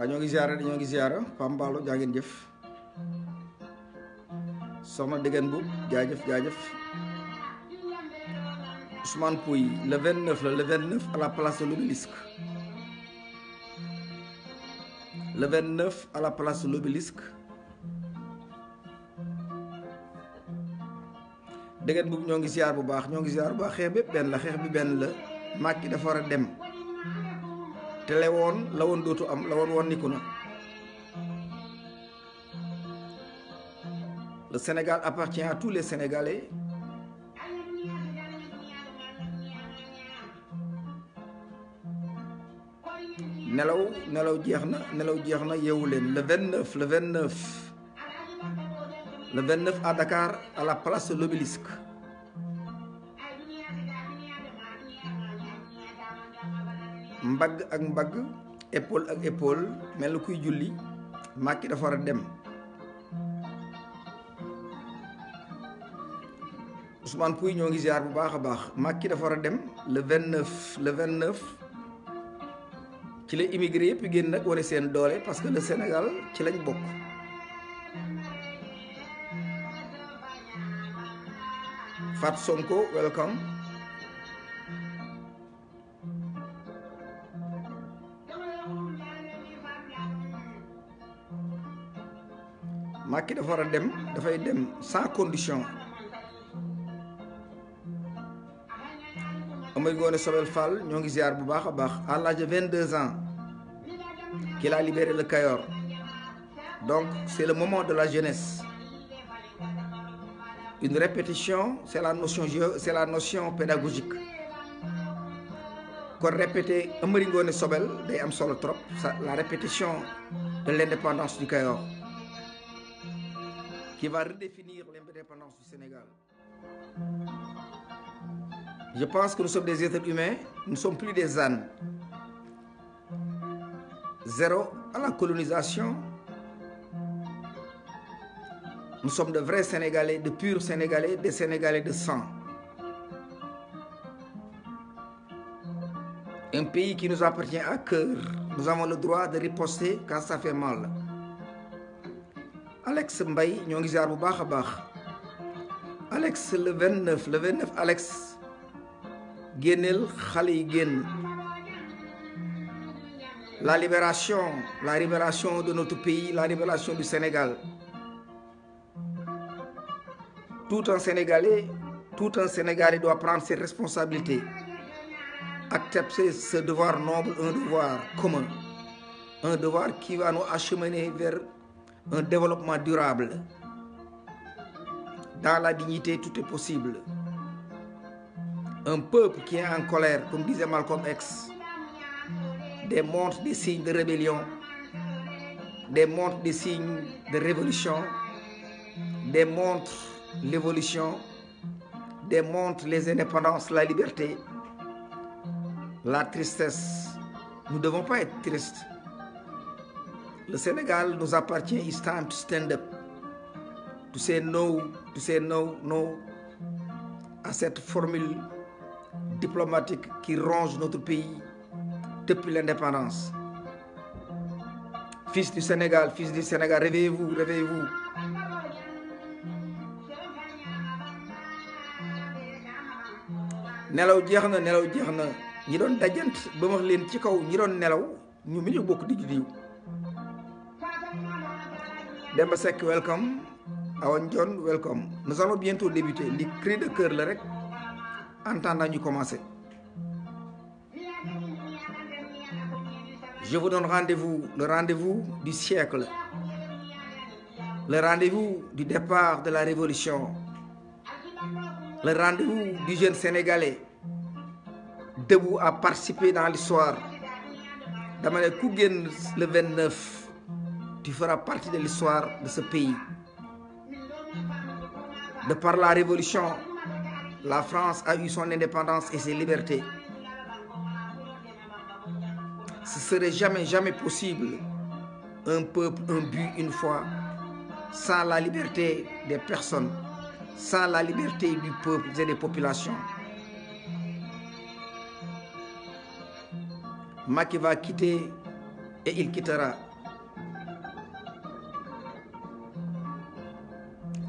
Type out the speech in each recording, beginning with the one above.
waaw ñoo ngi ziara dañoo ngi ziara pambaalo jaa ngeen jëf soxna Degen bu jaajëf jaajëf Ousmane Pouy le 29 la le 29 à la place de l'obélisque le 29 à la place de l'obélisque ñoo ngi ziar bu baax ñoo ngi ziar bu baax xeex bi benn la xeex bi benn la Macky dafa war a dem. te lewoon la dootu am la woon wanniku le Sénégal appartient à tous les Sénégalais nelaw nelaw jeex nelaw jeex na yeewu le 29 le 29 le 29 à Dakar à la place de l'Obélisque mbagg ak mbag épaule ak épaule mel na kuy julli Macky dafa war a dem Ousmane Pouy ñoo ngi ziar bu baax a baax Macky dafa war a dem le vingt neuf le vingt neuf ci la immigré yëpp génn nag wane seen doole parce que le Sénégal ci lañ bokk Fat Sonko welcome maa ki dafa dem a fay dem sans condition amay Nesobel Sobel Fall ñongi ziar bu baax à l'âge de 22 ans qu'il a libéré le Kayor donc c'est le moment de la jeunesse une répétition c'est la notion c'est la notion pédagogique Qu'on répéter Amari Ngoone Sobel day am solo trop la répétition de l'indépendance du Kayor qui va redéfinir l'indépendance du Sénégal. Je pense que nous sommes des êtres humains, nous ne sommes plus des ânes. Zéro à la colonisation. Nous sommes de vrais Sénégalais, de purs Sénégalais, des Sénégalais de sang. Un pays qui nous appartient à cœur. Nous avons le droit de riposter quand ça fait mal. Alex Mbaye ñoo ziar Alex le 29 le 29 Alex gennel xalé yi la libération la libération de notre pays la libération du Sénégal tout un Sénégalais tout un Sénégalais doit prendre ses responsabilités accepter ce devoir noble un devoir commun un devoir qui va nous acheminer vers un développement durable. Dans la dignité, tout est possible. Un peuple qui est en colère, comme disait Malcolm X, démontre des signes de rébellion, démontre des signes de révolution, démontre l'évolution, démontre les indépendances, la liberté, la tristesse. Nous ne devons pas être tristes le Sénégal nous appartient. It's time to stand up. To say no, to say no, no à cette formule diplomatique qui ronge notre pays depuis l'indépendance. Fils du Sénégal, fils du Sénégal, réveillez-vous, réveillez-vous. nelaw jeexna nelaw jeexna ñi doon dajant ba ma leen ci kaw ñi doon nelaw ñu ñu bokk di Demba welcome Awan welcome nous allons bientôt débuter Les cris de cœur rek commencer. Je vous donne rendez-vous le rendez-vous du siècle le rendez-vous du départ de la révolution le rendez-vous du jeune sénégalais debout à participer dans l'histoire dama Kougen le 29 tu feras partie de l'histoire de ce pays. De par la révolution, la France a eu son indépendance et ses libertés. Ce serait jamais, jamais possible un peuple, un but, une foi, sans la liberté des personnes, sans la liberté du peuple et des populations. Maki va quitter et il quittera.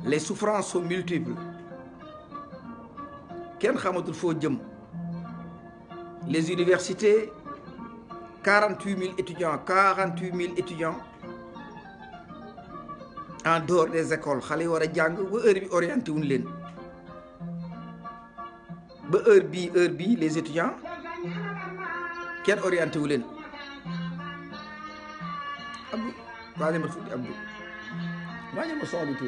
les souffrances sont multiples. Quel est le faux Les universités, 48 000 étudiants, 48 000 étudiants en dehors des écoles, les gens qui orientés. Les étudiants, les étudiants, qui ont orienté orientés. Abdou, je ne sais pas Abdou. Je ne sais pas Abdou.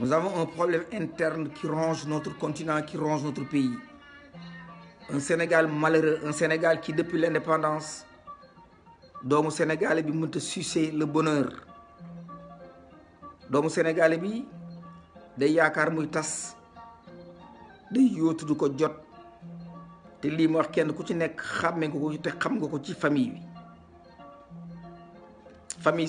Nous avons un problème interne qui ronge notre continent, qui ronge notre pays. Un Sénégal malheureux, un Sénégal qui depuis l'indépendance, le Sénégal bi sucer le bonheur Le Sénégal bi day yakar muy tass day yotu du jot te li mo wax kenn ku ci nek nga ko te xam nga ko ci famille bi famille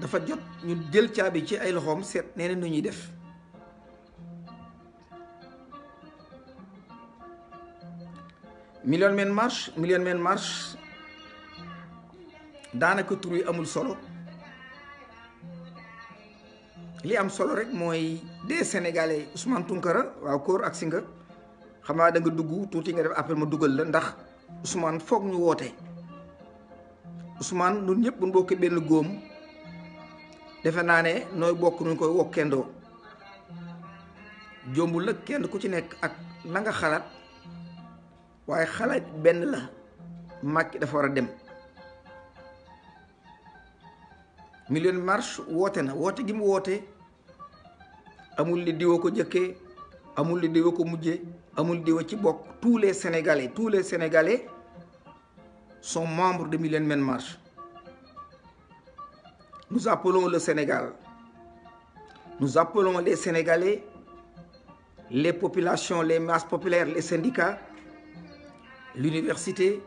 dafa jot ñu jël caabi ci ay loxoom seet nee na ñuy def million men marche men marche daanaka tur yi amul solo li am solo rek mooy des sénégalais Ousmane Tounkara waaw kóor ak si nga xam naa da nga dugg tuuti nga def appel ma dugal la ndax Ousmane foog ñu woote Ousmane ñun ñëpp bu ñu benn góom. defe naa noy nooy bokk nuñ koy wokendo jombu le kenn ku ci nek ak la nga xalat waye xalat ben la makki dafa war dem million marche woote na woote gi mu woote amul li diwa ko jëkkee amul li diwa ko mujjé amul diwa ci bok tous les sénégalais tous les sénégalais sont membres de million marche nous appelons le Sénégal. Nous appelons les Sénégalais, les populations, les masses populaires, les syndicats, l'université,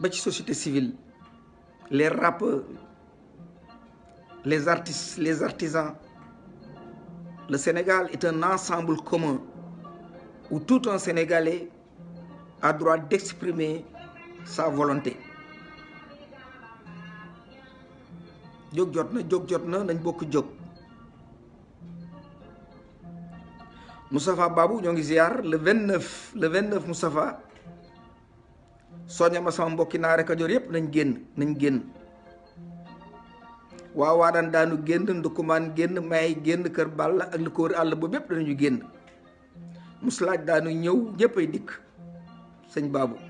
la société civile, les rappeurs, les artistes, les artisans. Le Sénégal est un ensemble commun où tout un Sénégalais a droit d'exprimer sa volonté. jóg jot na jóg jot na nañ bokk jóg Moustapha Babou ñoo ngi ziar le 29 le 29 Moustapha soñña sama mbokki naare Kajoor yëpp nañ génn nañ génn waa Waadaan daanu génn Ndukumaan génn May génn Kër Balla ak lu ko àll boobu yëpp danañu génn Muslaaj daanu ñëw ñëpp ay dikk sëñ Babou.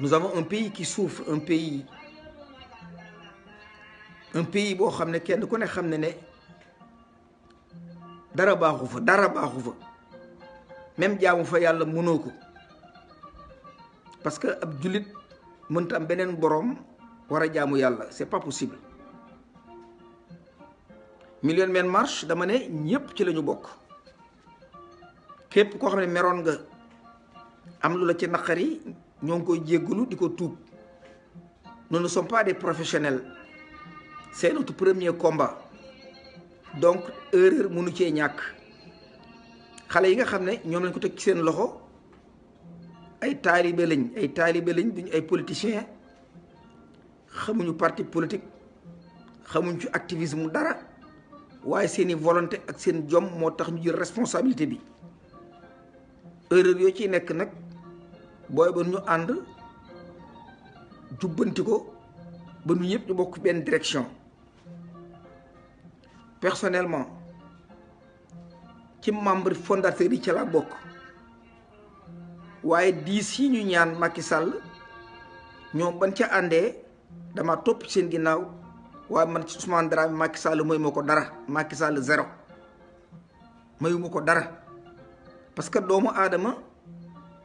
nous avons un pays qui souffre un pays un pays boo xam ne kenn ku ne xam ne dara baaxu fa dara baaxu fa même jaamu fa yàlla mënoo ko parce que ab jullit mënta am beneen boroom war a jaamu yàlla c'est pas possible Million Men marche, dama ne ñëpp ci lañu ñu bokk képp ko xamné méron nga am lu la ci nakari nous ne sommes pas des professionnels c'est notre premier combat donc erreur nous cee ñàkk xale yi nga xam ne lañ ko politiciens parti politique xamuñ ci activisme dara volonté ak seen responsabilité erreur booy ba ñu ànd jubbanti ko ba ñu ñëpp ñu bokk benn direction personnellement ci membre fondateur yi ca laa bokk waaye diis yi ñu ñaan Macky Sall ñoom ban ca àndee dama topp seen ginnaaw waaye man ci Ousmane Dramé Macky Sall mooy ko dara Macky Sall zéro mayuma ko dara parce que doomu aadama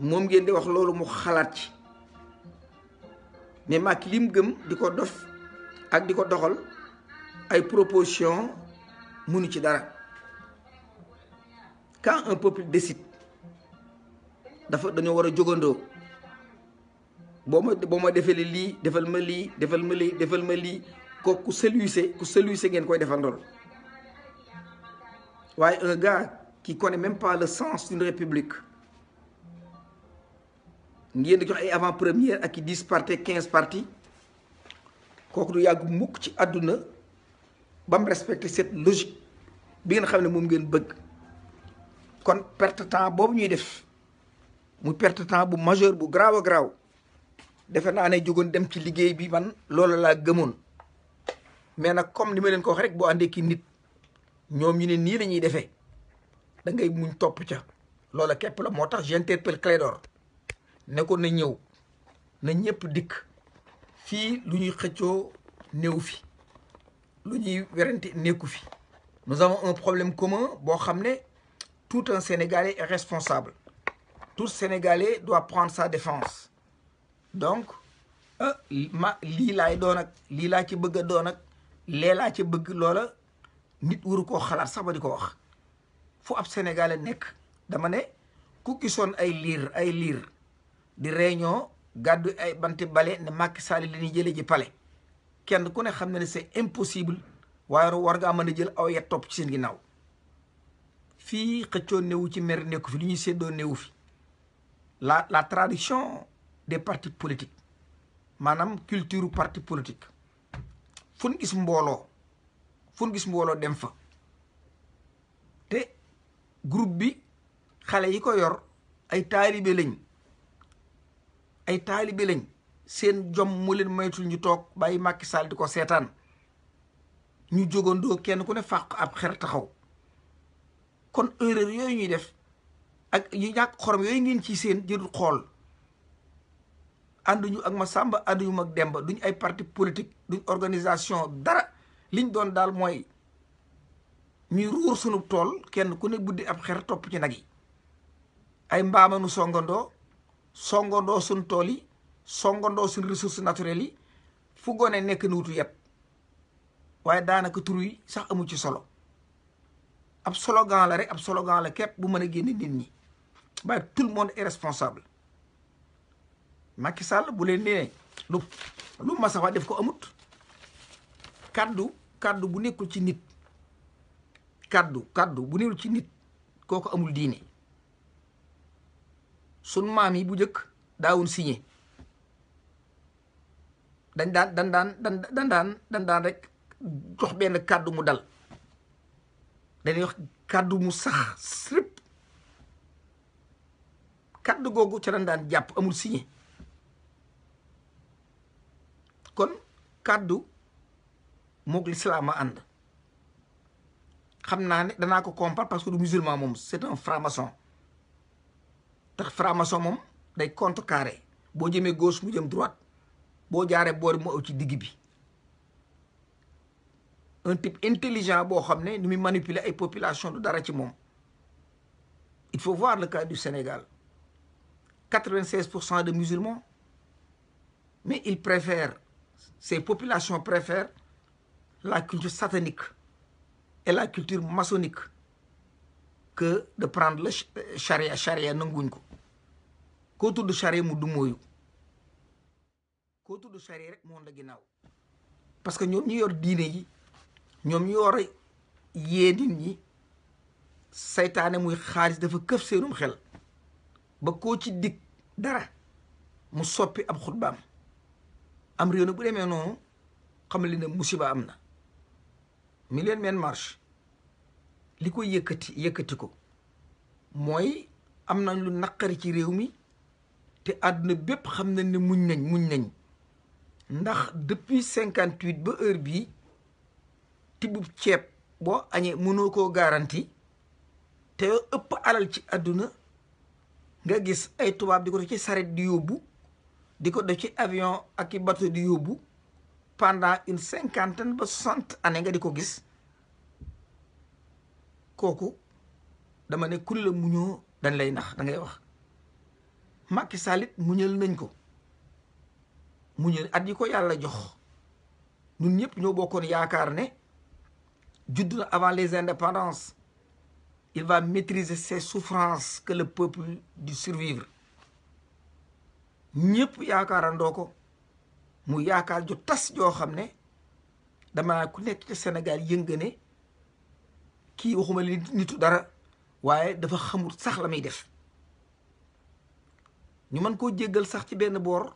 mom ngeen di wax loolu mu xalaat ci mais Macky lim gëm dof ak di doxal ay proposition mënu ci dara quand un peuple décide dafa dañoo war a jógandoo boo ma boo defal ma lii defal ma lii defal ma lii ko ku de ku ngeen koy waaye un gars qui connaît même pas le sens d'une république ngeen di jox ay avant première ak i dix parti quinze parti kooku du yàgg mukk ci àdduna ba mu respecté cette logique bi ngeen xam ne moom ngeen bëgg kon perte temps boobu ñuy def mu perte temps bu majeur bu graaw a graaw defe naa ne jógoon dem ci liggéey bi man loolu laa gëmoon mais nag comme ni ma leen ko wax boo àndee ki nit ñoom ñu ne nii la ñuy defee da ngay muñ topp ca loola képp la moo tax j'interpelle Clédor ne ko na ñew na ñepp dik fi lu ñuy xëccoo néew fi lu ñuy werante fi nous avons un problème commun bo xamné tout un Sénégalais est responsable tout Sénégalais doit prendre sa défense donc euh, ma lii laay doon ak lii laa ci bëgg do nak ak la ci bëgg loola nit waru ko xalaat sama di ko wax fu ab Sénégalais nekk dama ne ku son ay lire ay lire di réunion gàddu ay banti bale ne Macky Sall li ñuy jëlee ji pale kenn ku ne xam na ne impossible waaye war ngaa mën a jël aw yet topp ci seen ginnaaw fii xëccoo néew ci mer nekku fi li ñuy séddoo néew fi la la tradition des parti politiques maanaam culture parti politique fu gis mbooloo fu gis mbooloo dem fa te groupe bi xale yi ko yor ay taalibe lañ ay taalibe lañ seen jom mu leen maytul ñu toog bàyyi Macky Sall di ko seetaan ñu jógandoo kenn ku ne fàq ab xer taxaw kon erreur yooyu ñuy def ak yu ñàkk xorom yooyu ngeen ci seen jërul xool ànduñu ak ma sàmba ànduñu mag demba duñ ay parti politique duñ organisation dara liñ doon daal mooy ñuy ruur sunu tool kenn ku ne buddi ab xer topp ci nag yi ay mbaamanu songandoo songandoo suñ tool yi songandoo suñ ressources naturelles yi fu gone nekk na wutu yet waaye daanaka tur yi sax amu ci solo ab slogan la rek ab slogan la képp bu mën a génne nit ni waaye tout le monde est responsable Macky Sall bu leen nee lu lu masa def ko amut kaddu kaddu bu nekkul ci nit kaddu kaddu bu nekkul ci nit kooku amul diine sun maam yi bu njëkk daawun si dañ daan dan daan rek jox benn kàddu mu dal dañuy wax kàddu mu sax srip kàddu googu ca dañ daan jàpp amul signé kon kàddu moog lislaam a ànd xam naa ne danaa ko compare parce que du musulman moom c'est un franc tax franc-maçon contre-carrés. Si je suis gauche je suis droite Si je suis mu ci un type intelligent il manipule les manipuler population il faut voir le cas du Sénégal 96% de musulmans mais ils préfèrent ces populations préfèrent la culture satanique et la culture maçonnique que de prendre le euh, charia charia non koo tudd charia mu du mooyu koo tudd charia rek moom la ginnaaw parce que ñoom ñu yor diine yi ñoom ñu yor yee nit ñi saytaane muy xaalis dafa këf seenum xel ba koo ci dig dara mu soppi ab xutbaam am réew na bu demee noonu xam li ne musiba am na million men marche li ko yëkkati yëkkati ko mooy am nañ lu naqari ci réew mi te àdduna bépp xam nañ ne muñ nañ muñ nañ ndax depuis cinquante huit ba heure bii tibbub ceeb boo añee mënoo koo garanti te ëpp alal ci àdduna nga gis ay tubaab di ko def ci saret di yóbbu di ko def ci avion ak i bateau di yóbbu pendant une cinquantaine ba soixante année nga di ko gis kooku dama ne kulla muñoo dañ lay nax da ngay wax Macky Sall it nañ ko muñal at yi ko yalla jox ñun ñëpp ñoo yaakar ne judd avant les indépendances il va maîtriser ses souffrances que le peuple du survivre ñëpp yaakaarandoo ko mu yaakar ju tas jo xamné dama ku nekk ci Sénégal yëngëne ki waxuma li nitu dara waye dafa xamul sax lamay def ñu mën koo jéggal sax ci benn boor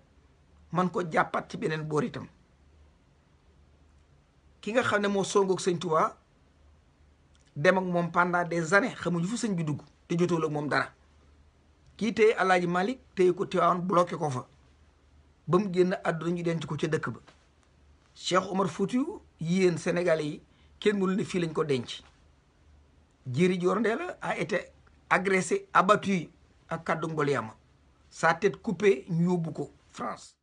man koo jàppat ci beneen boor itam ki nga xam ne moo songoog sëñ Tuubaa dem ak moom pendant des années xamuñu fu sëñ bi dugg te jotool moom dara kii téye alaaji Malick téye ko Tiwaawan bloqué ko fa ba mu génn àdduna ñu denc ko ca dëkk ba Cheikh Omar Foutiyou yéen Sénégalais yi kenn mënul ne fii lañ ko denc Djéri Dior Ndella a été agressé abattu ak kàddu Ngoliama sa tête coupée ñu ko France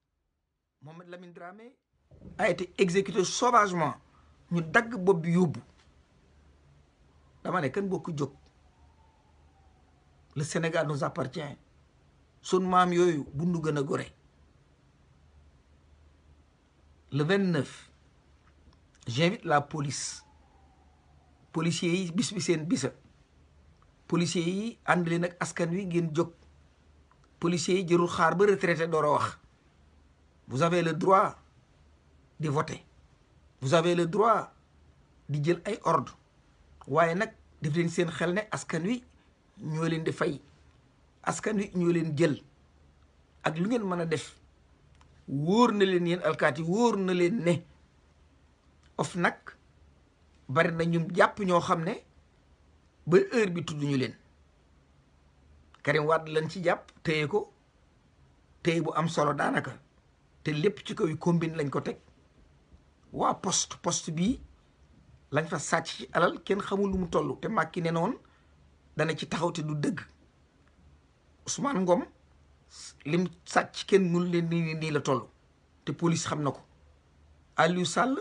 Mohamed Lamine a été exécuté sauvagement Nous dag bopp beaucoup de dama le Sénégal nous appartient Son bundu gëna le 29 j'invite la police policiers bis bis bi bis. policiers yi andlé nak askan wi policiers yi jërul retraité wax vous avez le droit de voter vous avez le droit di jël ay ordre waaye nag def leen seen xel ne askan wi ñoo leen askan wi ak lu ngeen mën a def wóor na leen yeen alkaati wóor na leen ne of nak bari na ñum japp ño xamne ne ba heure bi tuddu ñu leen Karim Wade lañ ci jàpp téye ko téye bu am solo daanaka te lépp ci kaw yu combine lañ ko teg waa poste poste bi lañ fa sàcc ci alal kenn xamul lu mu toll te Macky ne noon dana ci taxaw te du dëgg Ousmane ngoom lim sàcc kenn mun leen nii nii la toll te police xam na ko Aliou Sall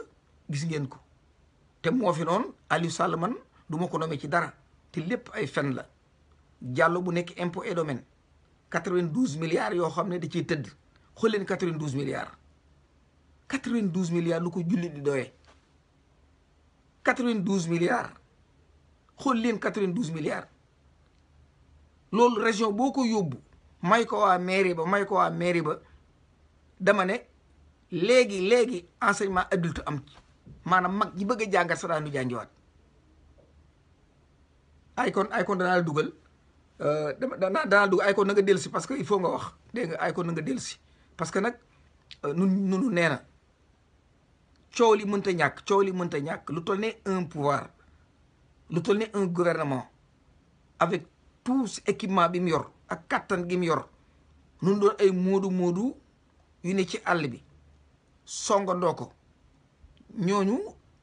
gis ngeen ko te moo fi noonu Aliou man duma ko nomee ci dara te lépp ay fen la Diallo bu nek impôt et domaine 92 milliards yo xamne di ci teud xol len 92 milliards 92 milliards lu ko julli di doye 92 milliards xol len 92 milliards lol région boko yobbu may ko wa mairie ba may ko wa mairie ba dama ne legui legui enseignement adulte am ci mag ji beug jangal jàngat sa daanu icon ay kon ay kon danaa dugal Euh, dama danaa danaa dugg ay ko nanga nga dellu si parce que il faut nga wax dégg ay ko na nga parce que nag euh, nun nunu nee na coow li mënta ñàkk coow li mënta ñàkk lu toll ne un pouvoir lu tol ne un gouvernement avec tous équipement bi mu yor ak kattan gi mu yor nun doon ay moodu moodu yu ne ci àll bi songandoo ko ñooñu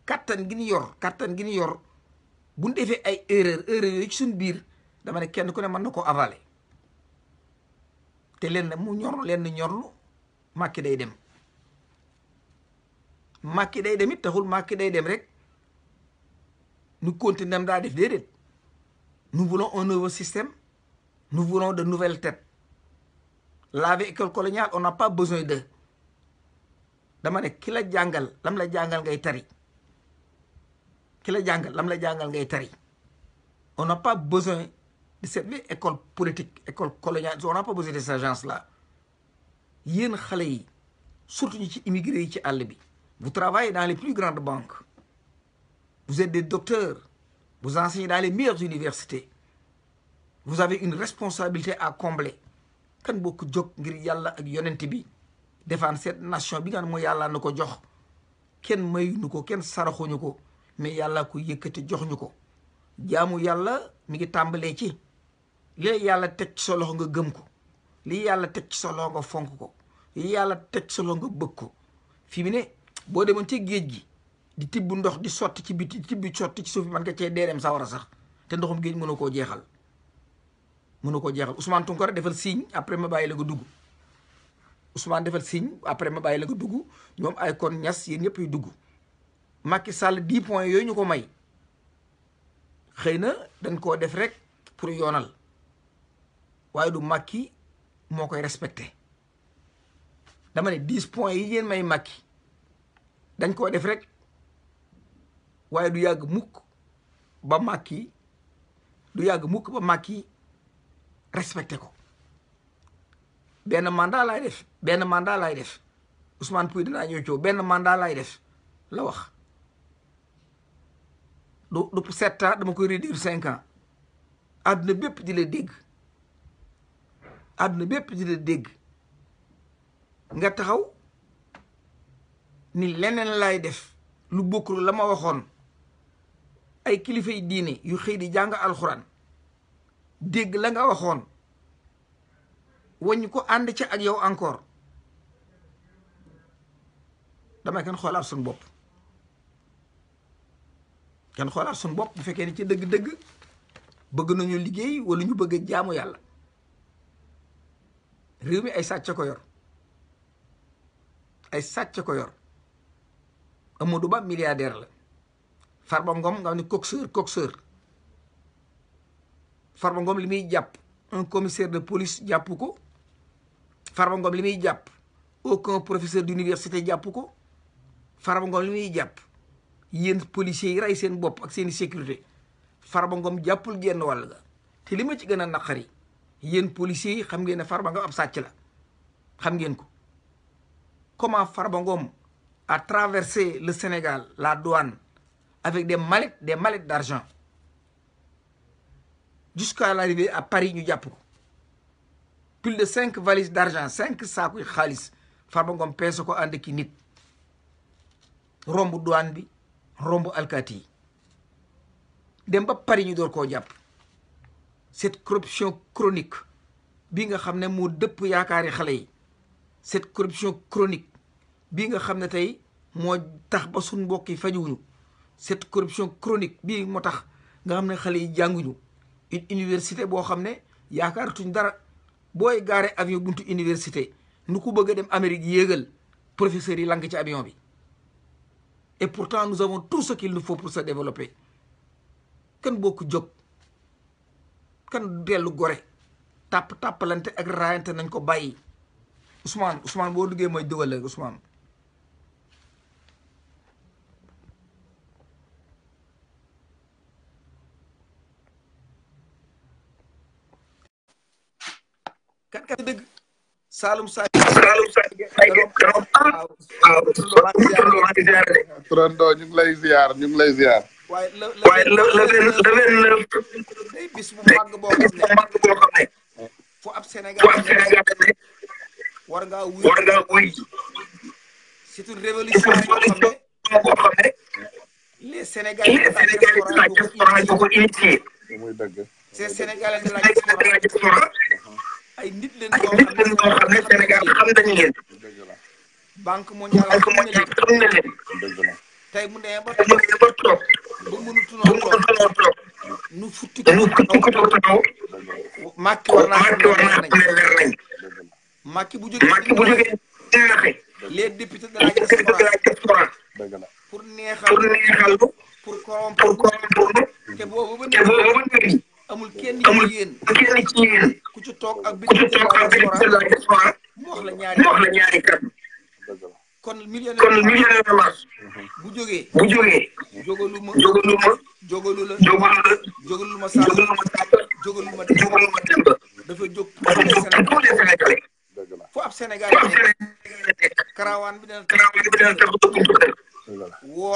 kattan gi ñu yor kattan gi ñu yor buñ defee ay erreur erreur yooyu ci suñ biir dama ne kenn ku ne man na koo avalé te leen mu ñor leen ñorlu Macky day dem Macky day dem it taxul Macky day dem rek nu continuer daa def déedéet nous voulons un nouveau système nous voulons de nouvelles têtes lave école coloniale on n'a pas besoin d'eux dama ne ki la jàngal lam la jàngal ngay tari ki la jàngal lam la jàngal ngay tari on n'a pas besoin di une école politique école coloniale on n'a pas besoin de ces agences-là Vous, xale yi surtout ñi ci immigré yi ci vous travaillez dans les plus grandes banques vous êtes des docteurs vous enseignez dans les meilleures universités vous avez une responsabilité à combler kan boo ko jóg ngir yàlla ak yonent bi défendre cette nation bi nga xam mooy yàlla na ko jox kenn mayuñu qui kenn saraxuñu ko mais yàlla ko yëkkati jox vous avez jaamu yàlla mi ngi tàmbalee ci li yalla tek ci solo nga gëm ko li yalla tek ci solo nga fonk ko li yalla tek ci solo nga bëgg ko fi mi ne bo demon ci geej gi di tibbu ndox di sotti ci biti di tibb sotti ci suuf man nga cee deereem sawara sax te ndoxum geej mënu ko jeexal mënu ko jeexal Ousmane Tounkara defal signe après ma bàyyi la nga dugg Ousmane defal signe après ma bàyyi la nga dugg ñom ay kon ñass yeen ñëpp yu dugg Macky Sall 10 points yoy ñuko may xeyna dañ ko def rek pour yonal waaye du Macky moo koy respecté dama ne dix points yi ngeen may Macky dañ koo def rek waaye du yàgg mukk ba Macky du yàgg mukk ba Macky respecté ko benn mandat laay def benn mandat laay def Ousmane Pouy dinaa ñëw coow benn mandat laay def la wax du du sept ans dama koy réduire cinq ans àdduna bépp di la dégg àdduna bépp di la dégg nga taxaw ni leneen lay def lu bokkul la ma waxoon ay kilifa diine yu xëy di jàng alxuraan dégg la nga waxoon wañ ko ànd ci ak yow encore dama kenn xoolaat suñu bopp kenn xoolaat suñu bopp bu fekkee ni ci dëgg-dëgg bëgg nañu liggéey wala ñu bëgg jaamu yàlla réew mi ay sàcc ko yor ay sàcc ko yor Amadou Ba milliardaire la Farba Ngom nga ni coxeur coxeur Farba Ngom limi japp un commissaire de police japp ko Farba Ngom limi japp aucun professeur d'université japp ko Farba Ngom limi japp yeen policier ray sen bop ak sen sécurité Farba Ngom jappul genn wàll te limi ci gëna nakari y policier yi xam ngeen ne Farba un ab sàcc la xam ko comment Farba a traversé le Sénégal la douane avec des mallettes des mallettes d'argent jusqu'à l'arrivée à Paris ñu jàpp ko plus de cinq valises d'argent cinq saakuy xaalis Farba Ngom peese ko ànd ki nit romb douane bi romb alkaati yi dem ba Paris ñu door koo cette corruption chronique bi nga xam ne moo dëpp yaakaari xale yi cette corruption chronique bi nga xam ne tey tax ba sun mbokk yi cette corruption chronique bi moo tax nga xam xalé yi jànguñu une université bo xam ne yaakaaratuñ dara boy garé avion buntu université nu bëgg dem Amérique yéegal professeur yi lank ci avion bi et pourtant nous avons tout ce qu'il nous faut pour se développer ken bokk jokk kan delu gore tap lante ak rayante nañ ko bàyyi ousmane ousmane boo duggee mau dugal ak ousmane kan kan dëgg salum sa salum sa ñu ngi lay ziar ñu ngi lay ziar waaye la le le vingt neuf day bis bu ab Sénégal ne war ngaa wuy war ngaa wuy c'est une révolution boo xam ne les Sénégalais de ay nit leen ñoo xam Sénégal xam nañ leen tey mu nee ba toog ba toog ba mënut noonu toog nu futti ko taw màkki war naa xam ne leer nañ màkki bu jógee màkki bu jógee neexee les députés de la diaspora pour neexal pour neexal pour corrompre te boobu ba nëri amul kenn ci yéen kenn ci yéen ku ci toog ak bi ku ci toog ak bi la diaspora mu wax la ñaari mu wax la ñaari kàddu kon millionnaire kon millionnaire mars. bu jógee. bu jógee. jógalu ma jógalu ma. jógalu la jógalu la. jógalu ma sàmm jógalu ma jógalu ma temb. dafa jóg dafa jóg tous les Sénégalais. fu ab bi Ce n'est mais une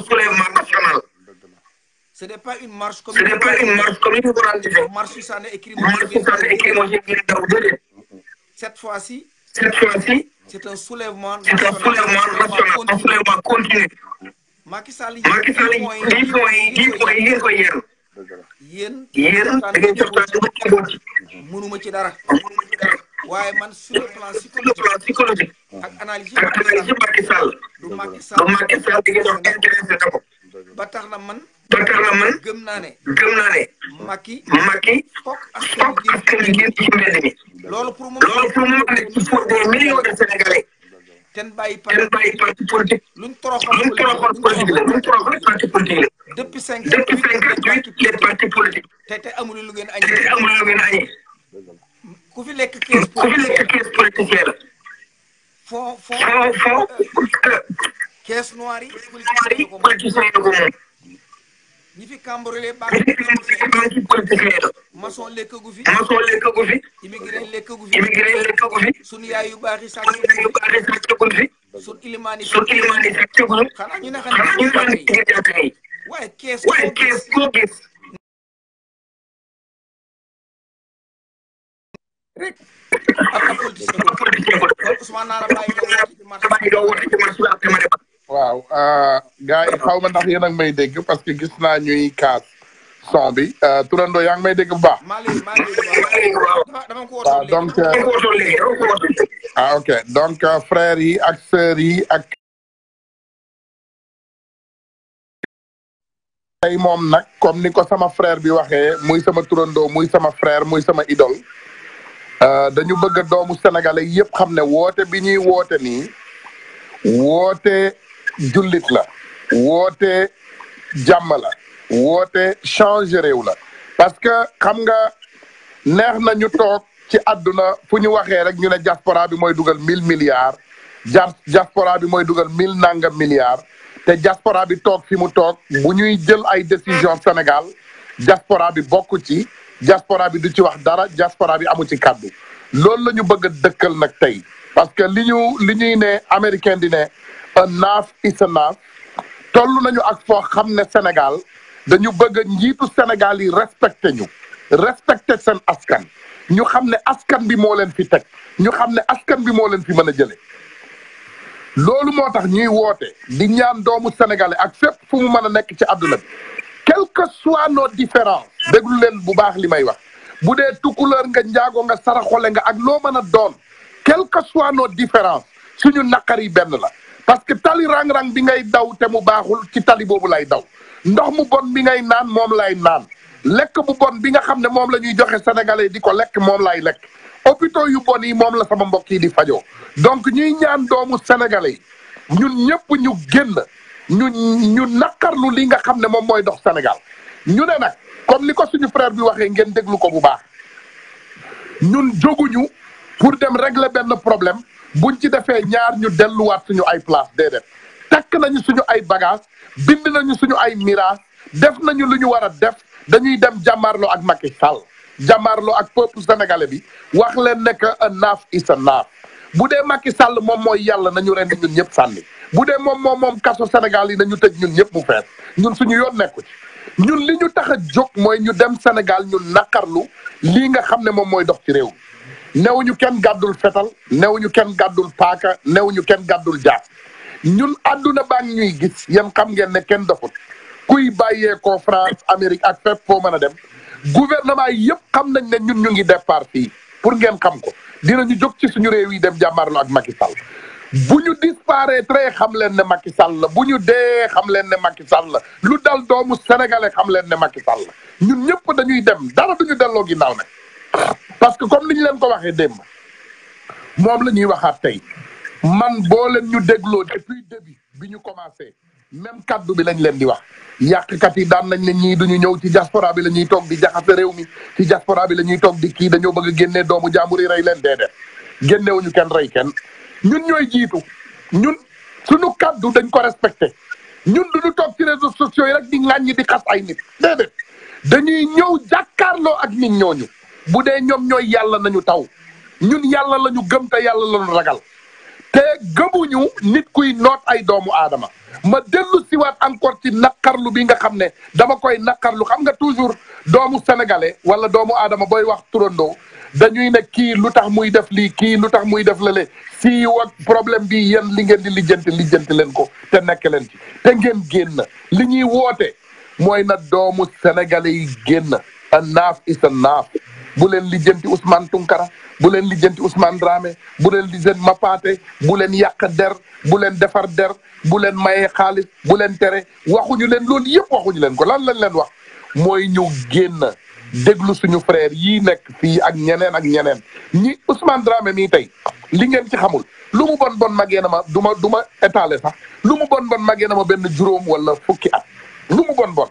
soulèvement national ce n'est pas une marche comme une cette fois-ci cette fois-ci c'est un soulèvement national soulèvement Macky Sall yi di mooy yéen koy yeeru yéen yéen da ngeen joxtaan dama tegoon ci mënuma ci dara mënuma ci dara waaye man sur le plan ak analyse yi du Macky Sall du Macky Sall di ngeen ko ba tax na man ba tax man gëm naa ne gëm naa ne Macky Macky foog askan wi génn loolu pour mu ten bàyyi parti politique luñ toroxal luñ toroxal politique la luñ parti politique la. depuis cinq les partis politiques. te te amul lu ngeen añee te amul lu ngeen añee. ku fi lekk kees ku fi lekk kees politicien la. foo kees euh, noir yi politicien yi ñi fi cambrolé baa ngi politiqueero maçon lekkagu fi maçon lekkagu fi immigré lekkagu fi immigré lekkagu fi suñu yaay yu baax yi sàcc yu baax yi sàccagul fi suñu ilimaan yi suñu ilimaan yi sàccagul xanaa ñu ne xanaa ñu ne ci jàkka yi waaye kees waaye kees koo gis rek ak politicien ko Ousmane Nara Mbaye doo woote ci marché bi après ma waaw ah, gars yi xaw ma may dégg parce que gis naa ñuy kaas son bi ah, turando yaa ngi may dégg bu baax. waaw ah, donc. ah ok donc frères yi ak sœurs yi ak. tey moom nag comme ni ko sama frère bi waxee muy sama turando muy sama frère muy sama idole dañu bëgg doomu sénégalais yëpp xam ne woote bi ñuy woote nii woote julit la woote jàmm la woote change réew la parce que xam nga neex na ñu toog ci adduna fu ñu waxee rek ñu ne diaspora bi mooy dugal mille milliards jar diaspora bi mooy dugal mille nangam milliards te diaspora bi toog fi mu toog bu ñuy jël ay décision Sénégal diaspora bi bokk ci diaspora bi du ci wax dara diaspora bi amu ci kàddu loolu la ñu bëgg dëkkal nag tey parce que li ñu li ñuy ne américain di ne enough is enough toll nañu ak foo xam ne Sénégal dañu bëgg njiitu Sénégal yi respecté ñu respecté seen askan ñu xam ne askan bi moo leen fi teg ñu xam ne askan bi moo leen fi mën a jële loolu moo tax ñuy woote di ñaan doomu sénégalais ak fépp fu mu mën a nekk ci adduna bi quel que soit nos différences déglu leen bu baax li may wax bu dee tukulóor nga njaago nga saraxole nga ak loo mën a doon quelque que soit nos différences suñu naqar yi benn la parce que tali rang bi ngay daw te mu baaxul ci tali boobu lay daw ndox mu bon bi ngay naan moom lay naan lekk bu bon bi nga xam ne moom la ñuy joxe sénégalais di ko lekk moom lay lekk hôpitaux yu bon yi moom la sama mbokk yi di fajoo donc ñuy ñaan doomu sénégalais ñun ñëpp ñu génn ñu ñu naqarlu li nga xam ne moom mooy dox Sénégal ñu ne nag comme li ko suñu frère bi waxee ngeen déglu ko bu baax ñun jóguñu pour dem régler benn problème buñ ci defee ñaar ñu delluwaat suñu ay place déedéet takk nañu suñu ay bagage bind nañu suñu ay miraas def nañu lu ñu war a def dañuy dem jàmmaarloo ak Macky Sall jàmmaarloo ak peuple sénégalais bi wax leen ne a naaf is a naaf bu dee Macky Sall moom mooy yàlla nañu ren ñun ñëpp sànni bu dee moom moom moom kaso Sénégal yi nañu tëj ñun ñëpp mu fees ñun suñu yoon nekku ci ñun li ñu tax a jóg mooy ñu dem Sénégal ñu naqarlu lii nga xam ne moom mooy dox ci réew mi new ñu kenn gàddul fetal new ñu kenn gàddul paaka new ñu kenn gàddul jaas ñun àdduna baa ngi ñuy gis yéen xam ngeen ne kenn dofut kuy ko France Amérique ak fépp foo mën a dem gouvernement yi yëpp xam nañ ne ñun ñu ngi départ fii pour ngeen xam ko ñu jóg ci suñu réew yi dem jàmmarloo ak Macky Sall bu ñu disparaître xam leen ne Macky Sall la bu ñu dee xam leen ne Macky Sall la lu dal doomu sénégalais xam leen ne Macky Sall la ñun ñëpp dañuy dem dara duñu gi ginnaaw nag parce que comme ni ñu leen ko waxee démb moom la ñuy waxaat tey man boo leen ñu dégloo depuis début bi ñu commencé même kaddu bi lañ leen di wax yàqkat yi daan nañ ne ñii duñu ñëw ci diaspora bi la ñuy toog di jaxase réew mi ci diaspora bi la ñuy toog di kii dañoo bëgg a doomu jàmbur yi rey leen dee déedéet génnewuñu kenn rey kenn ñun ñooy jiitu ñun suñu kaddu dañ ko respecté ñun duñu toog ci réseaux sociaux yi rek di ŋàññi di xas ay nit déedéet dañuy ñëw jàkkaarloo ak nit ñooñu bu dee ñoom ñooy yàlla nañu taw ñun yàlla lañu ñu gëm te yàlla la ñu ragal te gëmuñu nit kuy noot ay doomu aadama ma dellu siwaat encore ci naqarlu bi nga xam ne dama koy naqarlu xam nga toujours doomu sénégalais wala doomu aadama booy wax turandoo dañuy ne kii lu tax muy def lii kii lu tax muy def lale sii wak problème bi yéen li ngeen di lijjanti lijjanti leen ko te nekk leen ci te ngeen génn li ñuy woote mooy na doomu sénégalais yi génn a naaf is a naaf bu leen lijjanti Ousmane Tunkara bu leen lijjanti Ousmane drame bu leen lijjanti Mapaate bu leen yàq der bu leen defar der bu leen mayee xaalis bu leen tere waxuñu leen lool yëpp waxuñu leen ko lan lañ leen wax mooy ñu génn déglu suñu frère yii nekk fii ak ñeneen ak ñeneen ñi Ousmane Dramé mii tey li ngeen ci xamul lu mu bon bon magee na ma du ma du ma étaler sax lu mu bon bon magee na ma benn juróom wala fukki at lu mu bon bon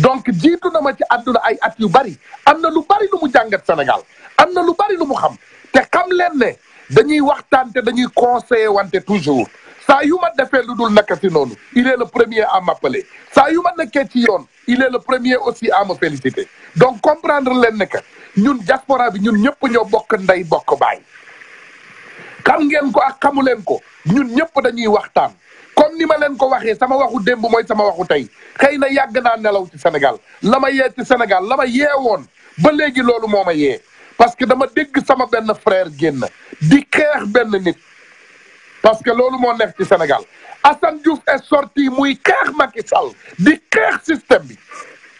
donc jiitu na ma ci àdduna ay at yu bari am na lu bari lu mu jàngat Sénégal am na lu bari lu mu xam te xam leen ne dañuy waxtaan te dañuy conseiller wante toujours saa yu ma defee lu dul naka il est le premier à m'appeler saa yu ma nekkee ci yoon il est le premier aussi à me féliciter donc comprendre leen ne que ñun diaspora bi ñun ñëpp ñoo bokk ndey bokk baay xam ngeen ko ak xamu ko ñun ñëpp dañuy waxtaan. comme ni ma leen ko waxee sama waxu démb mooy sama waxu tey xëy na yàgg naa nelaw ci Sénégal la ma yee ci Sénégal la ma yeewoon ba léegi loolu moo ma yee parce que dama dégg sama benn frère génn di xeex benn nit parce que loolu moo nekk ci Sénégal Assane Diouf est sorti muy xeex Macky Sall di xeex système bi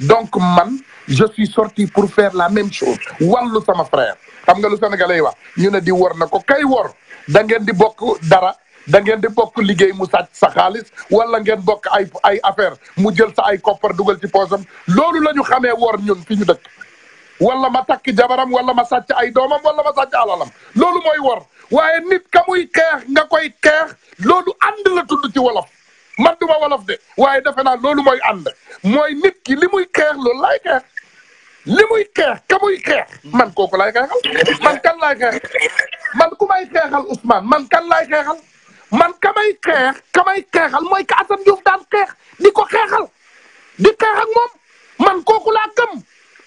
donc man je suis sorti pour faire la même chose wallu sama frère xam nga lu Sénégalais yi wax ñu ne di wor na ko kay wor da ngeen di bokk dara da ngeen di bokk liggéey mu sàcc sa xaalis wala ngeen bokk ay ay affaire mu jël sa ay koppar dugal ci poosam loolu la ñu xamee wor ñun fi ñu dëkk wala ma takk jabaram wala ma sàcc ay doomam wala ma sàcc alalam loolu mooy wor waaye nit ka muy xeex nga koy xeex loolu ànd la tudd ci wolof man duma wolof de waaye defe naa loolu mooy ànd mooy nit ki li muy xeex loolu laay xeex li muy xeex ka muy xeex man kooku lay xeexal man kan lay xeex man ku may xeexal Ousmane man kan lay xeexal man kamay xeex kamay xeexal mooy ka Assane Diouf daan xeex di ko xeexal di xeex ak moom man kooku laa gëm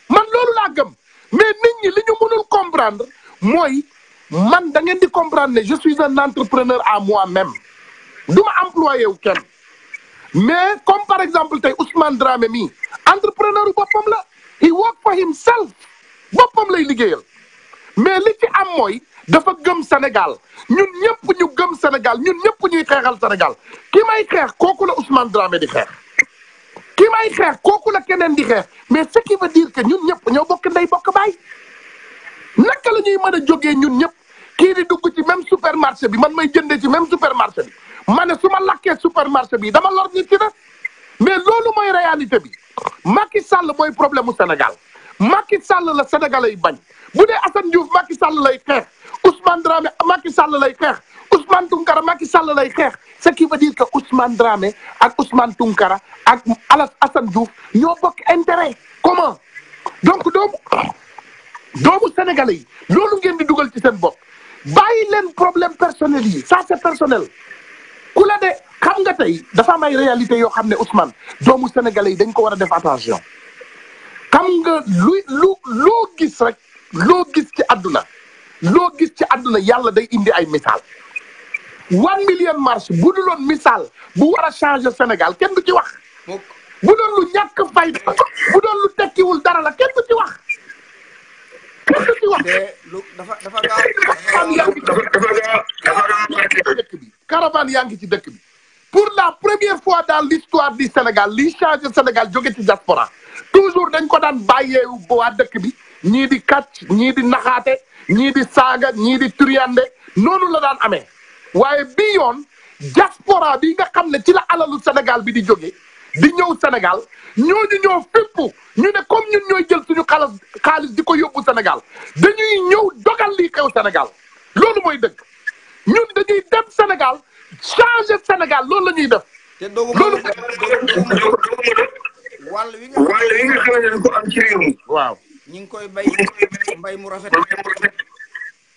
man loolu laa gëm mais nit ñi li ñu mënul comprendre mooy man da ngeen di comprendre ne je suis un entrepreneur à moi-même du ma employé wu kenn mais comme par exemple tey Ousmane Dramé mii entrepreneur u boppam la he work for himself boppam lay liggéeyal mais li ci am mooy dafa gëm Sénégal ñun ñëpp ñu gëm Sénégal ñun ñëpp ñuy xeexal Sénégal ki may xeex kooku la Ousmane Dramé di xeex ki may xeex kooku la keneen di xeex mais ce qui veut dire que ñun ñëpp ñoo bokk ndey bokk baay naka la ñuy mën a jógee ñun ñëpp kii di dugg ci même supermarché bi man may jëndee ci même supermarché bi ma ne su ma lakkee supermarché bi dama lor nit ki mais loolu mooy réalité bi Macky sàll mooy problème mu Sénégal Macky sàll la Sénégalais yi bañ bu dee Assane Diouf i Sall lay xeex Ousmane Dramé Macky Sall lay xeex Ousmane Tounkara Macky lay xeex ce qui veut dire que Ousmane Dramé ak Ousmane Tounkara ak Alas Assane Diouf ñoo bokk intérêt comment donc doomu doomu yi loolu ngeen di dugal ci seen bopp bàyyi leen problème personnel yi ça c'est personnel ku la de xam nga tey dafa am réalité yoo xam ne Ousmane doomu sénégalais yi dañ ko war a def attention xam nga lu lu loo gis rek loo gis ci àdduna loo gis ci àdduna yàlla day indi ay misaal one million marche bu du loon misaal bu war a changer Sénégal kenn du ci wax bu doon lu ñàkk fayda bu doon lu tekkiwul dara la kenn du ci wax kenn du ci wax dafa dafa caravane yaa ngi ci dëkk bi caravane yaa ngi ci bi pour la première fois dans l'histoire du Sénégal li changer Sénégal jóge ci diaspora toujours dañ ko daan bàyyeewu waa dëkk bi ñii di kàcc ñii di naxaate ñii di saaga ñii di turiyande noonu la daan amee waaye bii yoon diaspora bi nga xam ne ci la alalu Sénégal bi di jóge di ñëw Sénégal ñooñu ñoo fépp ñu ne comme ñun ñooy jël suñu xaalis di ko yóbbu Sénégal dañuy ñëw dogal lii xew Sénégal loolu mooy dëgg ñun dañuy dem Sénégal changer Sénégal loolu la ñuy def. te doogu loolu. ñi ngi koy bay mbay mu rafet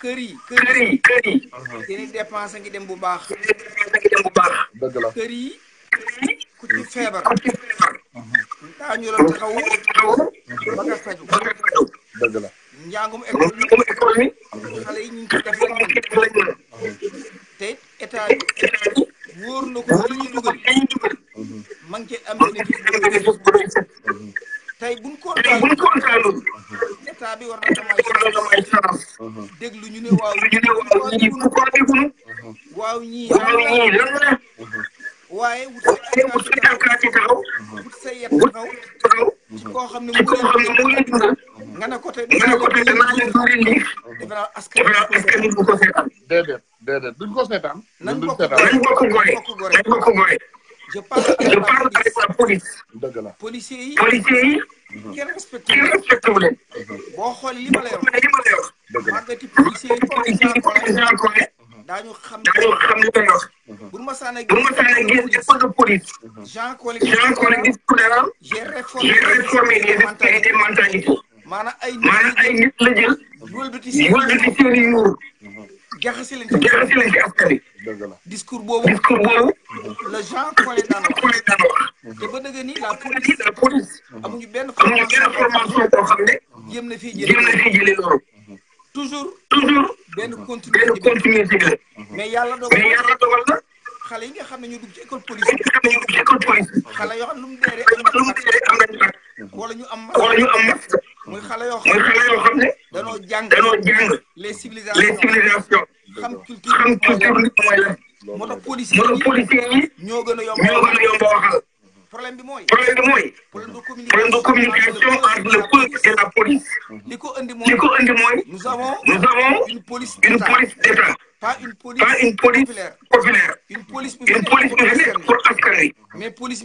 kër yi kër yi kër yi dem bu baax dëgg la kër yi ku ci feebar ntaa ñu la ba nga faju dëgg la njàngum école xale yi ñu ci def te état yi wóor na ko li ñu dugal ma ngi ci am tey buñ kontaanul buñ kontaanul état bi war na ko may chance déglu ñu ne waaw ñu ne waaw ñii ku ko déglu waaw ñii waaw ñii lan la waaye wut sa tànkaat ci taxaw wut sa yet taxaw ci koo xam ne mu leen dundal nga ne ko tey nga ne ko tey danaa leen dundal nii dafa naa askan bi bu ko seetaan déedéet déedéet duñ ko seetaan nañ bokk gore nañ bokk gore je parle avec la police dëgg la policier yi. policier yi. kenn respecté wu leen. boo xoolee li ma lay wax. dëgg la màggati policier yi président Collé. daañu xam daañu xam a may wax. bu ma saa ne gis a fa de police. Jean Collé gis ku dara. j'ai réformé les mentalités. maanaam ay nit la jël. wëlbati seen i muur. les discours beau le gens la Jean les les te ba la police la police. formation Vous avez les toujours. toujours benn continuer mais dogal na. Xalé nga xamné ñu dugg police muy les civilisations policiers problème problème de communication entre le peuple et la police nous avons une police d'État pas une police populaire une police militaire pour assurer mais police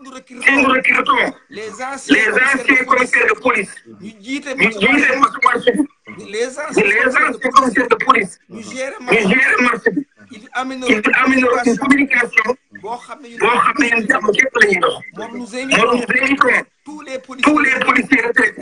nous les anciens commissaires de police les anciens commissaires de police communication tous les policiers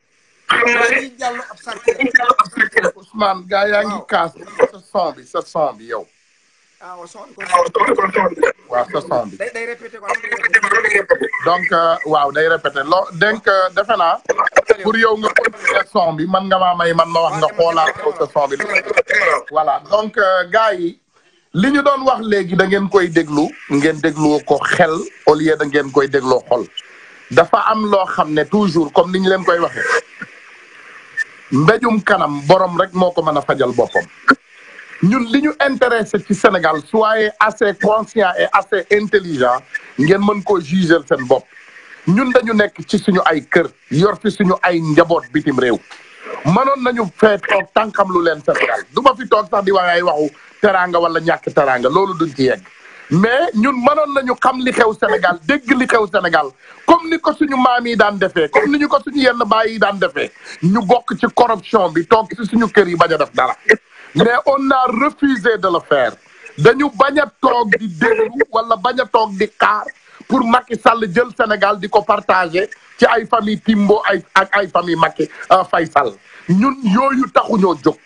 dañuy jàll ab sa son bi sa son bi yow. ah waaw son ah, sa son donc euh, waaw day répété loo donc euh, defe naa pour yow nga continuer son bi man nga maa may man ma wax nga xoolaat ko sa son bi. voilà donc euh, gars yi li ñu doon wax léegi da ngeen koy déglu ngeen dégloo ko xel au lieu da ngeen koy dégloo xol dafa am loo xam ne toujours comme ni ñu leen koy waxee. mbéjum kanam borom rek moo ko mën a fajal boppam ñun li ñu intéressé ci Sénégal soyez assez conscient et assez intelligent ngeen mën koo jugel seen bopp ñun dañu nekk ci suñu ay kër yor fi suñu ay njaboot bitim réew mënoon nañu fee toog tànkam lu leen Sénégal du ma fi toog sax di wax ay waxu teraanga wala ñàkk teraanga loolu du ci yegg mais ñun mënoon nañu xam li xew Sénégal dégg li xew Sénégal comme ni ko suñu maam yi daan defee comme ni ñu ko suñu yenn baay yi daan defee ñu bokk ci corruption bi toog ci suñu kër yi bañ a def dara mais on a refusé de le faire dañu bañ a toog di déglu wala bañ a toog di xaar pour Macky Sall jël Sénégal di ko partagé ci ay famille Timbo ay ak ay famille Macky euh, Faye Sall ñun yooyu taxuñoo jóg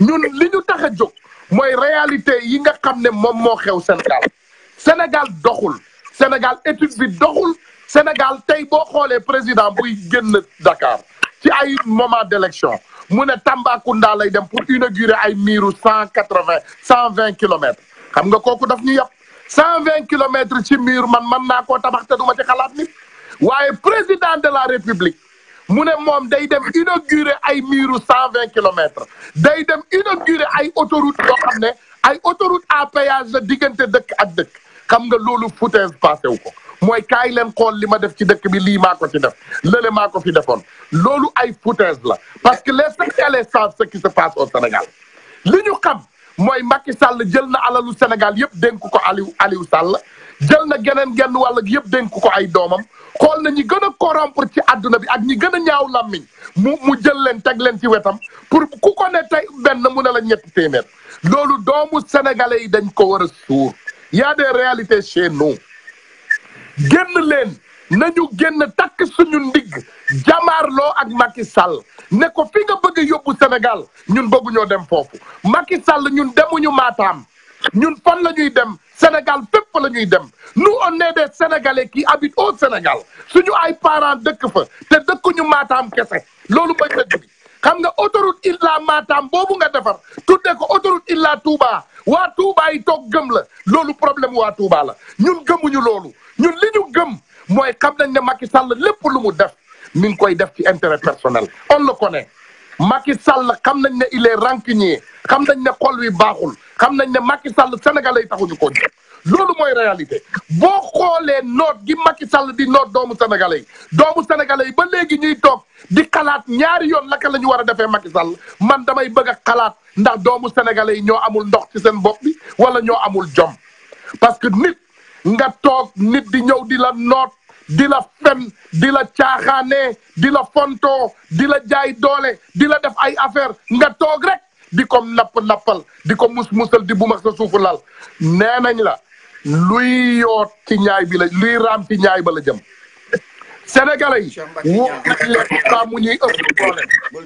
ñun li ñu tax a jóg mooy réalité yi nga xam ne moom moo xew Sénégal Sénégal dohul. Sénégal étude bi dohul. Sénégal tay bo xolé président bu génn Dakar ci ay moment d'élection mu ne Tamba Kounda lay dem pour inaugurer ay miru 180 120 km xam nga koku daf ñu yapp 120 km ci mur man man na ko tabax te duma ci xalaat nit waye président de la république mu ne mom day dem inaugurer ay miru 120 km day dem inaugurer ay autoroute yo xamne ay autoroute à péage digënté dëkk ak dëkk xam nga loolu foutaise passé wu ko mooy kaay leen xool li ma def ci dëkk bi lii maa ko ci def lële maa ko fi defoon loolu ay foutaise la parce que les Sénégalais savent ce qui se passe au Sénégal li ñu xam mooy Macky Sall jël na alalu Sénégal yëpp dénk ko Aliou Aliou Sall jël na geneen genn walla yëpp dénk ko ay doomam xool na ñi gën a corrompre ci àdduna bi ak ñi gën a ñaaw làmmiñ mu mu jël leen teg leen ci wetam pour ku ko ne tey benn mu ne la ñetti téeméer loolu doomu sénégalais yi dañ ko war a suur il y a des réalités génn leen nañu génn takk suñu ndigg jamaarloo ak Macky Sall ne ko fi nga bëgg a yóbbu Sénégal ñun bëgguñoo dem foofu Macky Sall ñun demuñu Matam ñun fan la ñuy dem Sénégal fépp la ñuy dem nous on est des Sénégalais qui habitent au Sénégal suñu ay parents dëkk fa te dëkkuñu Matam kese loolu mooy dëgg bi xam nga autoroute illa mataam boobu nga defar tudde ko autoroute Ila Touba waa Touba yi toog gëm la loolu problème waa Touba la ñun gëmuñu loolu ñun li gëm mooy xam nañ ne Macky Sall lépp lu mu def mi ngi koy def ci intérêt personnel on le connaît maki Sall xam nañ ne il est rancunier xam nañ ne xol wi baaxul xam nañ ne Macky Sall sénégalais yi taxuñu ko loolu mooy réalité boo xoolee noot gi Macky Sall di noot doomu sénégalais yi doomu sénégalais yi ba léegi ñuy toog di xalaat ñaari yoon laka la ñu war a defee Macky Sall man damay bëgg a xalaat ndax doomu sénégalais yi ñoo amul ndox ci seen bopp bi wala ñoo amul jom parce que nit nga toog nit di ñëw di la noot di la fen di la caaxaanee di la fontoo di la jaay doole di la def ay affaires nga toog rek di ko napp nappal di ko mus musal di bu mag sa suufu lal nee nañ la luy yoot ci ñaay bi la luy raam ci ñaay ba la jëm sénégalais yi wóogat leen saa mu ñuy ëpp doole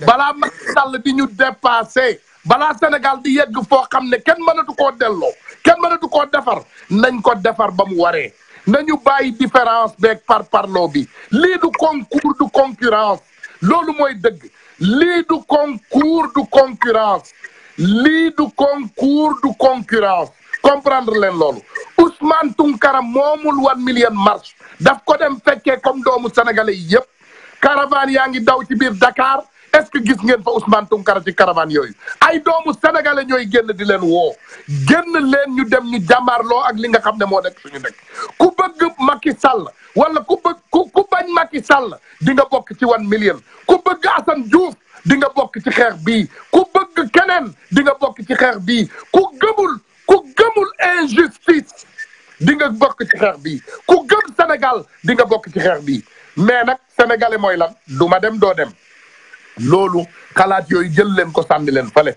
balaa Macky Sall di ñu dépassé balaa Sénégal di yegg foo xam ne kenn mënatu koo delloo kenn mënatu koo defar nañ ko defar ba mu waree nañu bàyyi différence beeg par parloo bi lii du concours du concurrence loolu mooy dëgg lii du concours du concurrence lii du concours du concurrence comprendre leen loolu Ousmane Tounkara moomul wan million marche daf ko dem fekkee comme doomu sénégalais yi yëpp caravane yaa ngi daw ci biir Dakar est-ce que gis ngeen fa Ousmane Tounkara ci caravane yooyu ay doomu sénégalais ñooy génn di leen woo génn leen ñu dem ñu jàmmaarloo ak li nga xam ne moo nekk suñu nekk ku bëgg Macky Sall wala ku bëgg ku ku bañ Macky Sall di nga bokk ci wan million ku bëgg Assane Diouf di nga bokk ci xeex bi ku bëgg keneen di nga bokk ci xeex bi ku gëmul ku gëmul injustice di nga bokk ci xeex bi ku gëm Sénégal di nga bokk ci xeex bi mais nag sénégalais mooy la du ma dem doo dem loolu xalaat yooyu jël leen ko sànni leen fale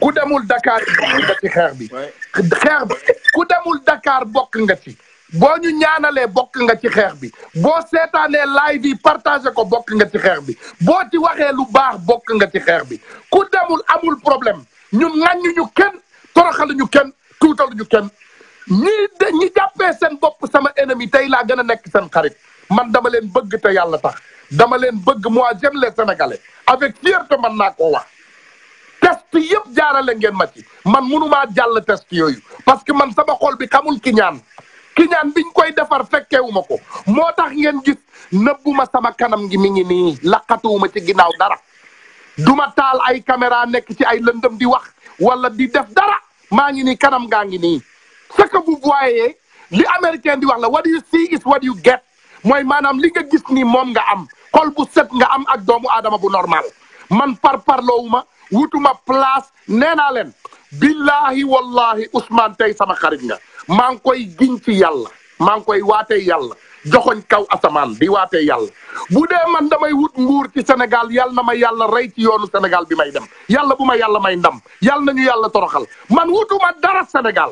ku demul Dakar bokk nga ci xeex bi xeex ku demul Dakar bokk nga ci boo ñu ñaanalee bokk nga ci xeex bi boo seetaanee live yi partagé ko bokk nga ci xeex bi boo ci waxee lu baax bokk nga ci xeex bi ku demul amul problème ñun ŋàññu ñu kenn toroxaluñu kenn tutal ñu kenn ñii de ñi jàppee seen bopp sama ennemi tay la gëna nek sen xarit man dama leen bëgg te yalla tax dama leen bëgg moi j'aime les sénégalais avec fierté man na ko wax test yépp jaarale ngeen ma ci man mënuma jall test yoyu parce que man sama xol bi xamul ki ñaan ki ñaan biñ koy defar fekkewuma wu mako motax ngeen gis nebbuma sama kanam gi mi ngi nii laqatuwuma ci ginaaw dara duma taal ay caméra nek ci ay lëndëm di wax wala di def dara maa ngi nii kanam ngaa ngi nii ce que vous voyez li américain di wax la what you see is what you get mooy maanaam li nga gis ni moom nga am xol bu set nga am ak doomu aadama bu normal man par par parloowuma wutuma place nee naa leen billahi wallahi Ousmane tey sama xarit nga maa ngi koy giñ ci yàlla maa ngi koy waatee yàlla joxoñ kaw asamaan bi waatee yàlla bu dee man damay wut nguur ci Sénégal yàlla na ma yàlla rey ci yoonu Sénégal bi may dem yàlla bu ma yàlla may ndam yàlla na ñu yàlla toroxal man wutuma dara Sénégal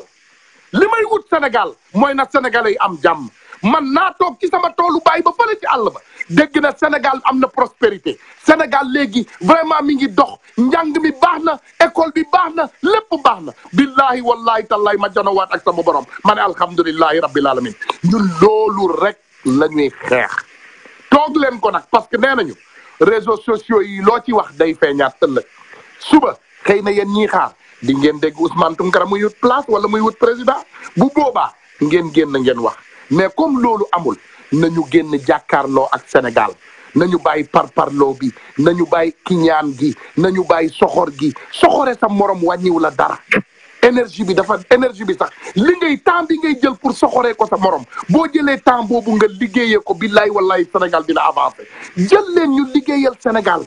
li may wut Sénégal mooy na sénégalais am jàmm man naa toog ci sama toolu bàyyi ba fële ci àll ba dégg na Sénégal am na prospérité Sénégal léegi vraiment mi ngi dox njàng mi baax na école bi baax na lépp baax na billahi wallahi tallahi ma janawaat ak sama borom ma ne alhamdulillahi rabbil alamin ñun loolu rek la ñuy xeex toog leen ko nag parce que nee nañu réseaux sociaux yi loo ci wax day feeñaat ëllëg suba xëy na yéen ñii xaar di ngeen dégg Ousmane Tounkara muy wut place wala muy wut président bu boobaa ngeen génn ngeen wax mais comme loolu amul na ñu génn jàkkaarloo ak Sénégal nañu bàyyi parparloo bi na ñu bàyyi kiñaan gi nañu bàyyi soxor gi soxore sa morom wàññiw la dara énergie bi dafa énergie bi sax li ngay temps bi ngay jël pour soxoree ko sa morom boo jëlee temps boobu nga liggéeyee ko billaay wallaay Sénégal dina avancé jël leen ñu liggéeyal Sénégal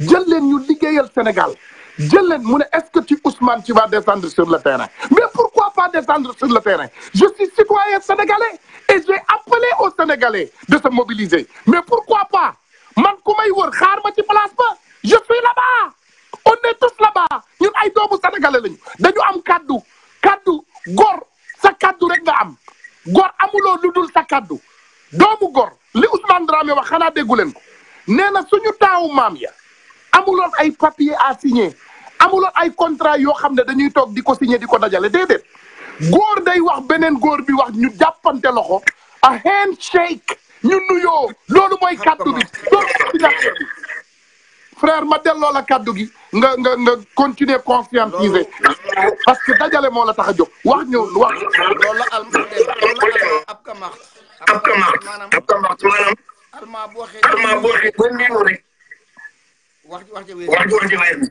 jël leen ñu liggéeyal Sénégal est-ce que tu Ousmane tu vas descendre sur le terrain mais pourquoi pas descendre sur le terrain je suis citoyen sénégalais et j'ai appelé aux Sénégalais de se mobiliser mais pourquoi pas man je suis là-bas on est tous là-bas ñun tous sénégalais Nous am cadeau. Cadeau, Gor, sa cadeau rek nga am gor amuloo sa li Ousmane Dramé wax xana ko ay papier à signer amuloon ay contrat yoo xam ne dañuy toog di ko signé di ko dajale déedéet góor day wax beneen góor bi wax ñu jàppante loxo a handshake ñu nuyoo loolu mooy kaddu bi frère ma delloo la kaddu gi nga nga nga continuer conscientiser parce que dajale moo la tax a jóg wax ñu wax. loolu la maanaam ab kamax boo xee alma boo wax ji wax ji weer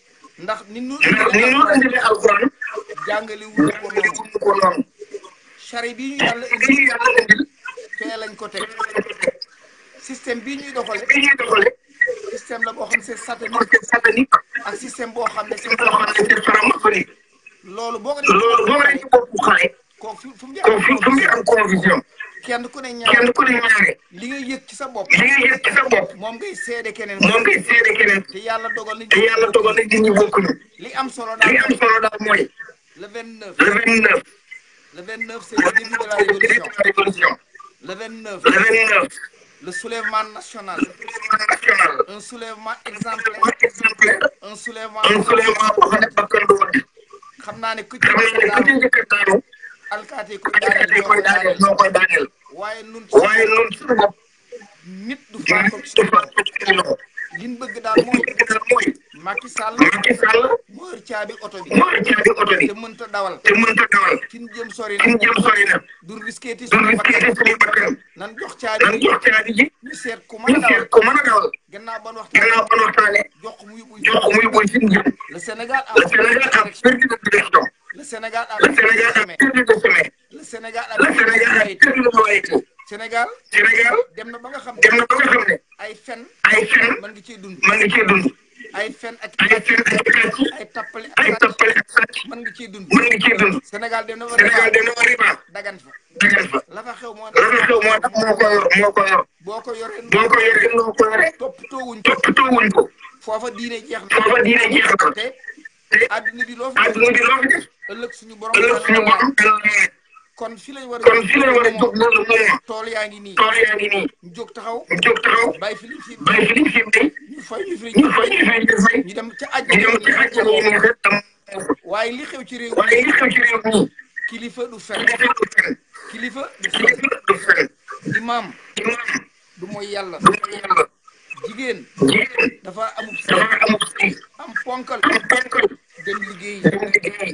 ndax ni ñu. ni ñu indilee alxuraan. jàngale wuñu ko noonu. chari bii ñu yàlla indi fee lañ ko teg. système bii ñuy doxale système la boo xam ne c'est satanique. ak système boo xam ne c'est faramasoŋ. loolu boo ko defee loolu boo ko defee ci bopp xale. kon fu mu am confusion. kenn ku ne ñaare kenn li ngay yëg ci sa bopp. li ngay yëg sa bopp. moom ngay seede keneen. moom te yàlla dogal na te yàlla dogal na nit ñi bokkuñu. li am solo daal li am solo daal mooy. le vingt neuf le vingt neuf. le vingt neuf c'est le début de le vingt neuf le vingt neuf. le national. le soulèvement national. un soulèvement exemplaire. un soulèvement. un xam naa ne ku ci njëkk a alkaati koy daaneel ñoo koy daaneel waaye nun suñu bopp nit du faatu ci loxo li bëgg daal mooy Macky Sall mu ër caabi oto bi te mënta dawal fi ñu jëm sori na du risqueeti suñu bakkan nan jox caabi ji ñu seet ku mën a dawal gannaaw ban waxtaane jox muy buy fi jëm le Sénégal a perdu de direction le Sénégal a perdu de sommet le Sénégal a perdu de loyauté Sénégal Sénégal dem na ba nga xam ne dem na ba nga xam ay fen ay fen mën nga cee dund mën nga cee dund ay fen ak ay fen ak ay tappale ay mën nga cee dund mën nga Sénégal dem na ba Sénégal dem dagan fa dagan xew moo tax la fa moo tax moo ko yor moo ko yor boo boo ko yoree noo ko yoree toppatoo wuñ ko toppatoo wuñ ko foofa diine jeex na te adduna bi loo loo fi def ëllëg suñu borom ëllëg suñu borom kon fi lañ war a kon fi lañ war a jóg loolu moom tool yaa ngi nii tool yaa ngi nii ñu jóg taxaw ñu jóg taxaw bàyyi fi liñ fi bàyyi fi liñ fi tey ñu fay ñu fi ñu fay ñu fi ñu fay ñu dem ca àjjana ñu dem ca àjjana ñu neexee tam waaye li xew ci réew waaye li xew ci réew mi kilifa du fen kilifa du fen du fen imaam imaam du mooy yàlla du mooy yàlla jigéen jigéen dafa amub sëy dafa amub sëy am ponkal am ponkal dem liggéey dem liggéey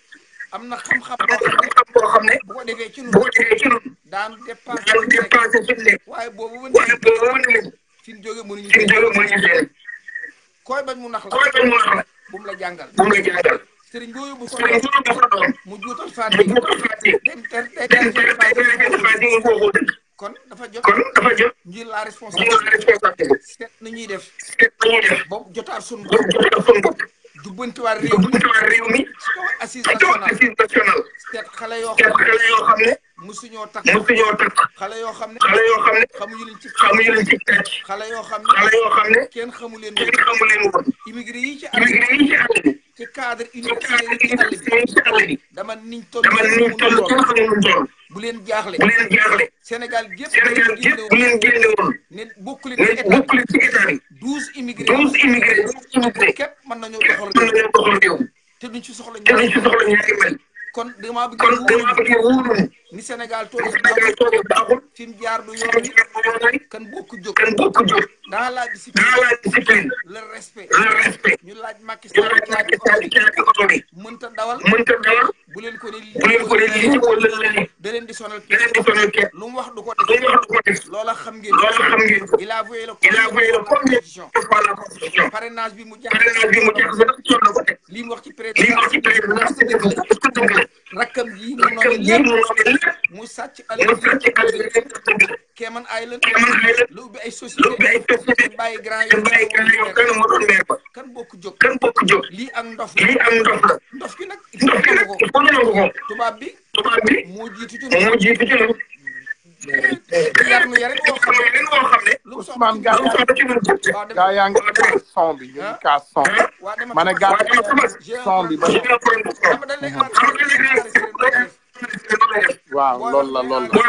am na xam-xam boo xam ne bu ko defee ci ñun daanu dépassé suñu nekk waaye boobu bu nekk fi ñu jóge mënuñu seen koy bañ mu nax la bu mu la jàngal sëriñ boobu bu soxla mu juutal Faatiha dem ter kon dafa jot kon dafa jot ñu la responsabilité seet na ñuy def seet na ñuy def boobu jotaat suñu bopp jubbantiwaat réew mi jubbantiwaat réew mi. assise xale yoo xam ne xale yoo xam ne. musuñoo takk musuñoo xale yoo xam ne xale yoo xam ne. xamuñu leen ci xamuñu xale yoo xam ne xale yoo xam ne. kenn xamu leen woon leen woon. immigré yi ci àll bi ci cadre universitaire yi ci àll niñ toll dama niñ toll kenn xamuñu doon. bu leen jaaxle bu leen jaaxle. Sénégal gépp bu leen génne woon. douze immigré douze immigré képp mën nañoo doxal réew te duñ ci soxla ñaari mel kon damaa bëgg a wóorul ni Sénégal toogee baaxul fi mu jaar du yoon yi kan bokk jóg kan bokk jóg dans la discipline le respect ñu laaj Macky Sall ci oto bi mënta dawal mënta dawal bu leen ko ne lii bu leen ko ne lii ñu ko lële da leen di sonal da leen di sonal kenn lu mu wax du ko def lu mu wax du ko def loola xam ngeen loola xam ngeen il a voué le il a voué le combien de fois la constitution parrainage bi mu jàpp parrainage bi mu jàpp ba dafa sonn ko teg li mu wax ci président li mu wax ci président est-ce que dëgg la est-ce que dëgg la rakkam yi mu noonu lépp mu sàcc alal mu sàcc alal Cayman Island lu ubbi ay société bàyyi grand yow kan moo doon meer ba kan bokk jóg kan bokk jóg lii am ndof lii am ndof la ndof ki nag ndof ki nag ko ko tubaab bi tubaab bi moo jiitu ci moo jiitu ci loolu yar mu yar ko xam ne ko xam ne lu soxla maam gaa gaa yaa ngi son bi ñu ka son ma ne gaa son bi ba waaw loolu la loolu la. boo wax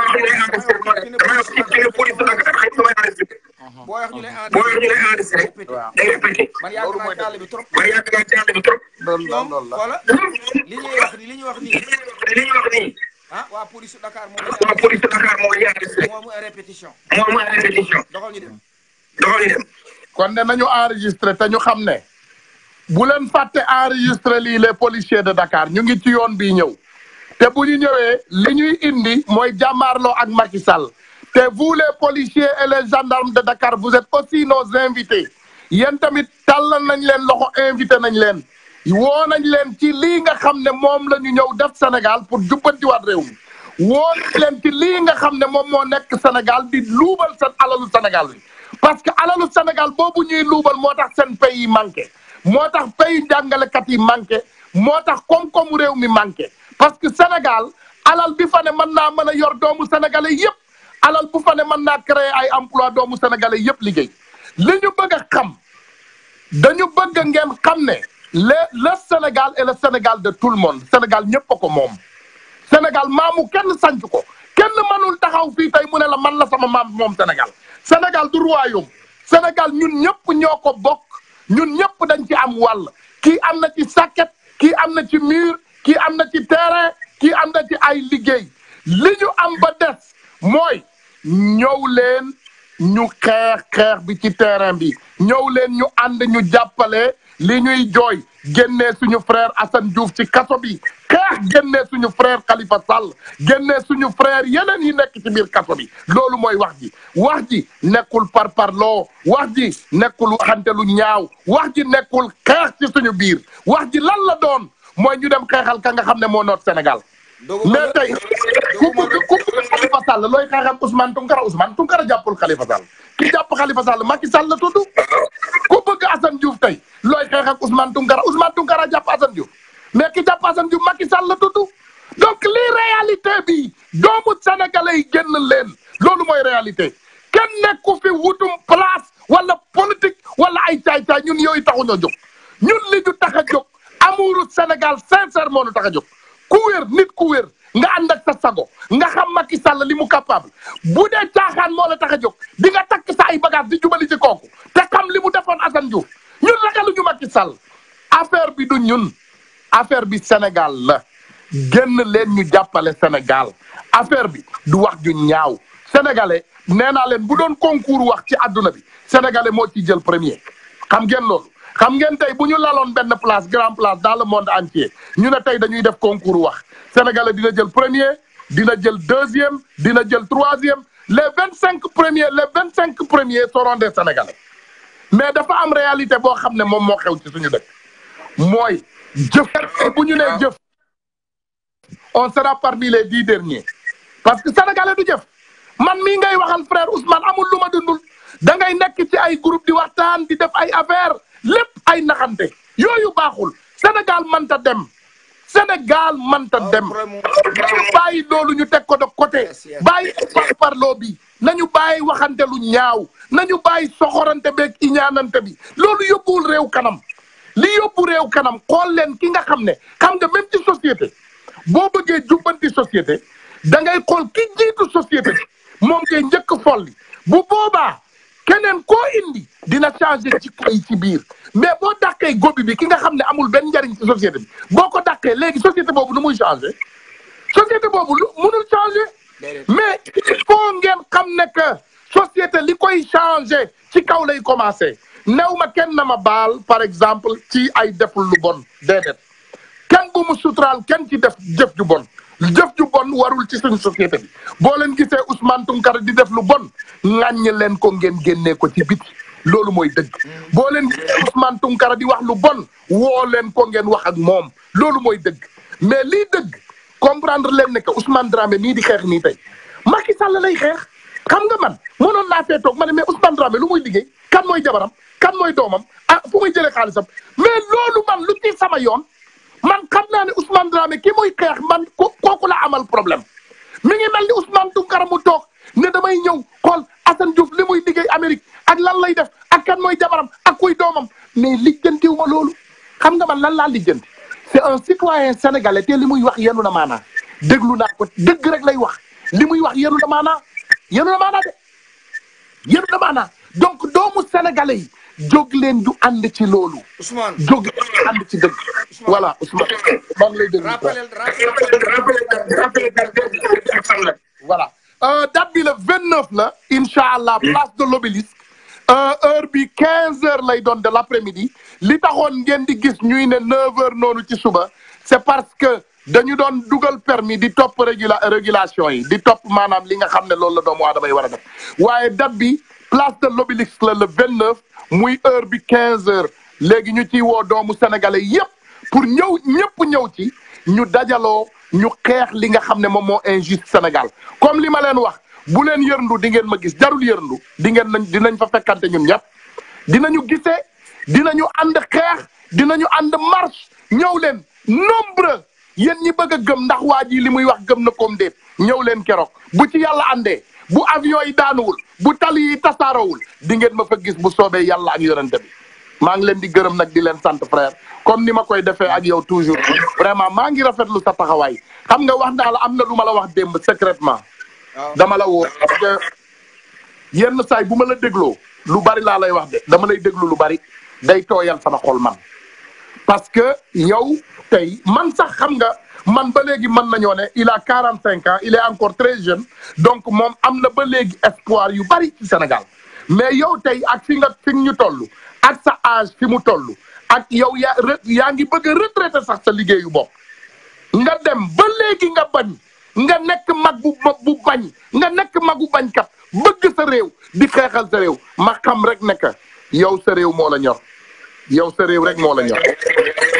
ñu lay enregistré bi trop man yàgg naa ci waa police Dakar moom waa police Dakar moom ñu nañu enregistré te xam ne bu leen fàtte enregistré lii les policiers de Dakar ñu ngi ci yoon bii ñëw te bu ñëwé ñëwee li ñuy indi moy jamarlo ak Macky Sall te vous les policiers et les gendarmes de Dakar vous êtes aussi nos invités Yen tamit talal nañ leen loxo invité nañ leen Wo nañ leen ci li nga xamné mom la ñu ñëw def Sénégal pour jubbantiwaat réew mi Wo nañ leen ci li nga xamné mom mo nekk Sénégal di loubal sa alalu Sénégal bi parce que alalu Sénégal boobu ñuy loubal motax sen seen pays manqué Motax tax pays kat yi manqué Motax tax comme koomu réew mi manqué parce que Sénégal alal bi fa ne mën naa mën a yor doomu sénégalais yëpp alal bu fa ne mën naa créer ay emploi doomu sénégalais yëpp liggéey li ñu bëgg a xam dañu bëgg ngeen xam ne le le Sénégal est le Sénégal de tout le monde Sénégal ñëpp a ko moom. Sénégal maamu kenn sanc ko kenn manul taxaw fii tey mu ne la man la sama maam moom Sénégal Sénégal du royaume Sénégal ñun ñëpp ñoo ko bokk ñun ñëpp dañ ci am wàll kii am na ci sàkket kii am na ci miir kii am na ci terrain kii am na ci ay liggéey li ñu am ba des mooy ñëw leen ñu xeex xeex bi ci terrain bi ñëw leen ñu ànd ñu jàppale li ñuy jooy génnee suñu frère Assane Diouf ci kaso bi xeex génnee suñu frère Khalifa Sall génnee suñu frère yeneen yi nekk ci biir kaso bi loolu mooy wax ji wax ji nekkul parparloo wax ji nekkul waxante lu ñaaw wax ji nekkul xeex ci suñu biir wax ji lan la doon moy ñu dem xeexal ka nga xam mo moo noot Sénégal. mais tay ku ku ku ku Khalifa Sall looy xeexal Ousmane Tounkara Ousmane Tounkara jàppul Khalifa Sall. ki jàpp Khalifa Sall Macky Sall la tudd ku bëgg Assane Diouf tey looy xeex ak Ousmane Tounkara Ousmane Tounkara jàpp Assane Diouf mais ki jàpp Assane Diouf Macky Sall la tudd donc lii réalité bi doomu sénégalais yi génn leen loolu mooy réalité kenn nekku fi wutum place wala politique wala ay caay-caay ñun yooyu taxuñoo jóg ñun li ñu tax a Amurut Senegal sincère moo nu tax jóg ku wér nit ku wér nga ànd ak sa sago nga xam Macky Sall li mu capable bu dee caaxaan moo la taxa jóg di nga takk sa ay bagages di jubali ci kooku te xam li mu defoon Assane Diouf ñun ragaluñu Macky Sall affaire bi du ñun affaire bi Sénégal la génn leen ñu jàppale Sénégal affaire bi du wax ju ñaaw sénégalais nee leen bu doon concours wax ci àdduna bi sénégalais moo ci jël premier xam ngeen loolu xam ngeen tey bu ñu laloon benn place grand place dans le monde entier ñu ne tey dañuy def concours wax sénégalais dina jël premier dina jël deuxième dina jël troisième les vingt cinq premiers les vingt cinq premiers seront des sénégalais mais dafa am réalité boo xam ne moom moo xew ci suñu dëkk mooy jëf bu ñu nee jëf on sera parmi les dix derniers parce que sénégalais du jëf man mii ngay waxal frère Ousmane amul lu ma dundul da ngay nekk ci ay groupe di waxtaan di def ay affaire lépp ay naxante yooyu baaxul Sénégal mënta dem Sénégal mënta ah, dem nañu bàyyi loolu ñu teg ko de côté bàyyi parparloo bi nañu bàyyi waxante lu ñaaw nañu bàyyi soxorante beeg iñaanante bi loolu yóbbuwul réew kanam li yóbbu réew kanam xool leen ki nga xam ne xam nga même ci société boo bëggee jubbanti société da ngay xool ki jiitu société moom ngay njëkk folli bu boobaa keneen koo indi dina changé jikko yi ci biir mais boo dàqee gobi bi ki nga xam ne amul benn njariñ ci société bi boo ko dàqee léegi société boobu nu muy changé société boobu lu mënul changé mais il faut ngeen xam ne que société li koy changé ci kaw lay commencé new ma kenn na ma baal par exemple ci ay deful lu bon déedéet kenn bu mu suturaal kenn ci def jëf ju bon jëf ju bon warul ci suñu société bi boo leen gisee Ousmane Tounkara di def lu bon ŋàññ leen ko ngeen génnee ko ci biti loolu mooy dëgg boo leen gisee Ousmane di wax lu bon woo leen ko ngeen wax ak moom loolu mooy dëgg mais lii dëgg comprendre leen ne que Ousmane Dramé nii di xeex nii tey Macky Sall lay xeex xam nga man mënoon naa fee toog ma ne mais Ousmane Dramé lu moy liggéey kan mooy jabaram kan mooy doomam ah fu muy jëlee xaalisam mais loolu man lu ci sama yoon. man xam naa ne Ousmane Dramé ki muy xeex man kooku la amal problème mi ngi mel ni Ousmane Tounkara mu toog ne damay ñëw xool Assane Diouf li muy Amérique ak lan lay def ak kan mooy jabaram ak kuy doomam mais lijjantiwu ma loolu xam nga man lan laa lijjanti c'est un citoyen sénégalais te li muy wax yenu na maanaa déglu naa ko dëgg rek lay wax li muy wax yenu na maanaa yenu na maanaa donc doomu sénégalais yi jóg leen ñu ànd ci loolu. Ousmane jóg leen ci dëgg. voilà Ousmane maa ngi lay déglu. rappelé rappelé voilà euh, date bi la vingt neuf la. incha allah place de l'obélisque euh, heure bi quinze heures lay de l' après midi li taxoon ngeen di gis ñuy ne neuf ci suba c' est parce que. dañu doon dugal permis di top régulation top di top maanaam li nga xam loolu la doomu place de l'obélix le 29, neuf muy heure bi quinze heures léegi ñu ciy woo doomu sénégalais yépp pour ñëw ñëpp ñëw ci ñu dajaloo ñu xeex li nga xam ne moom injuste Sénégal comme li ma leen wax bu leen yërndu di ngeen ma gis jarul yërndu di ngeen nañ fa fekkante ñun dinañu marche yéen ñi bëgg gëm ndax waa ji li muy wax gëm na koom déet ñëw leen keroog bu ci yàlla àndee bu avion yi daanuwul bu tali yi tasaarawul di ngeen ma fa gis bu soobee yàlla ak yonente bi maa ngi leen di gërëm nag di leen sant frère comme ni ma koy defee ak yow toujours vraiment maa ngi lu sa taxawaay xam nga wax naa la am na lu ma la wax démb secrètement dama la woo parce que yenn saay bu ma la dégloo lu bari laa lay wax de dama lay déglu lu bari day tooyal sama xol man tey man sax xam nga man ba léegi mën nañoo ne il a quarante cinq ans il encore très jeune donc moom am na ba léegi espoir yu bari ci Sénégal mais yow tey ak fi nga fi ñu toll ak sa âge fi mu toll ak yow yaa yaa ngi bëgg a sax sa liggéeyu bopp nga dem ba léegi nga bañ nga nekk mag bu bu nga nekk magu bañkat bëgga sa réew di xeexal sa réew ma xam rek ne que yow sa réew moo la ñor. yow sa réew rek moo la ñor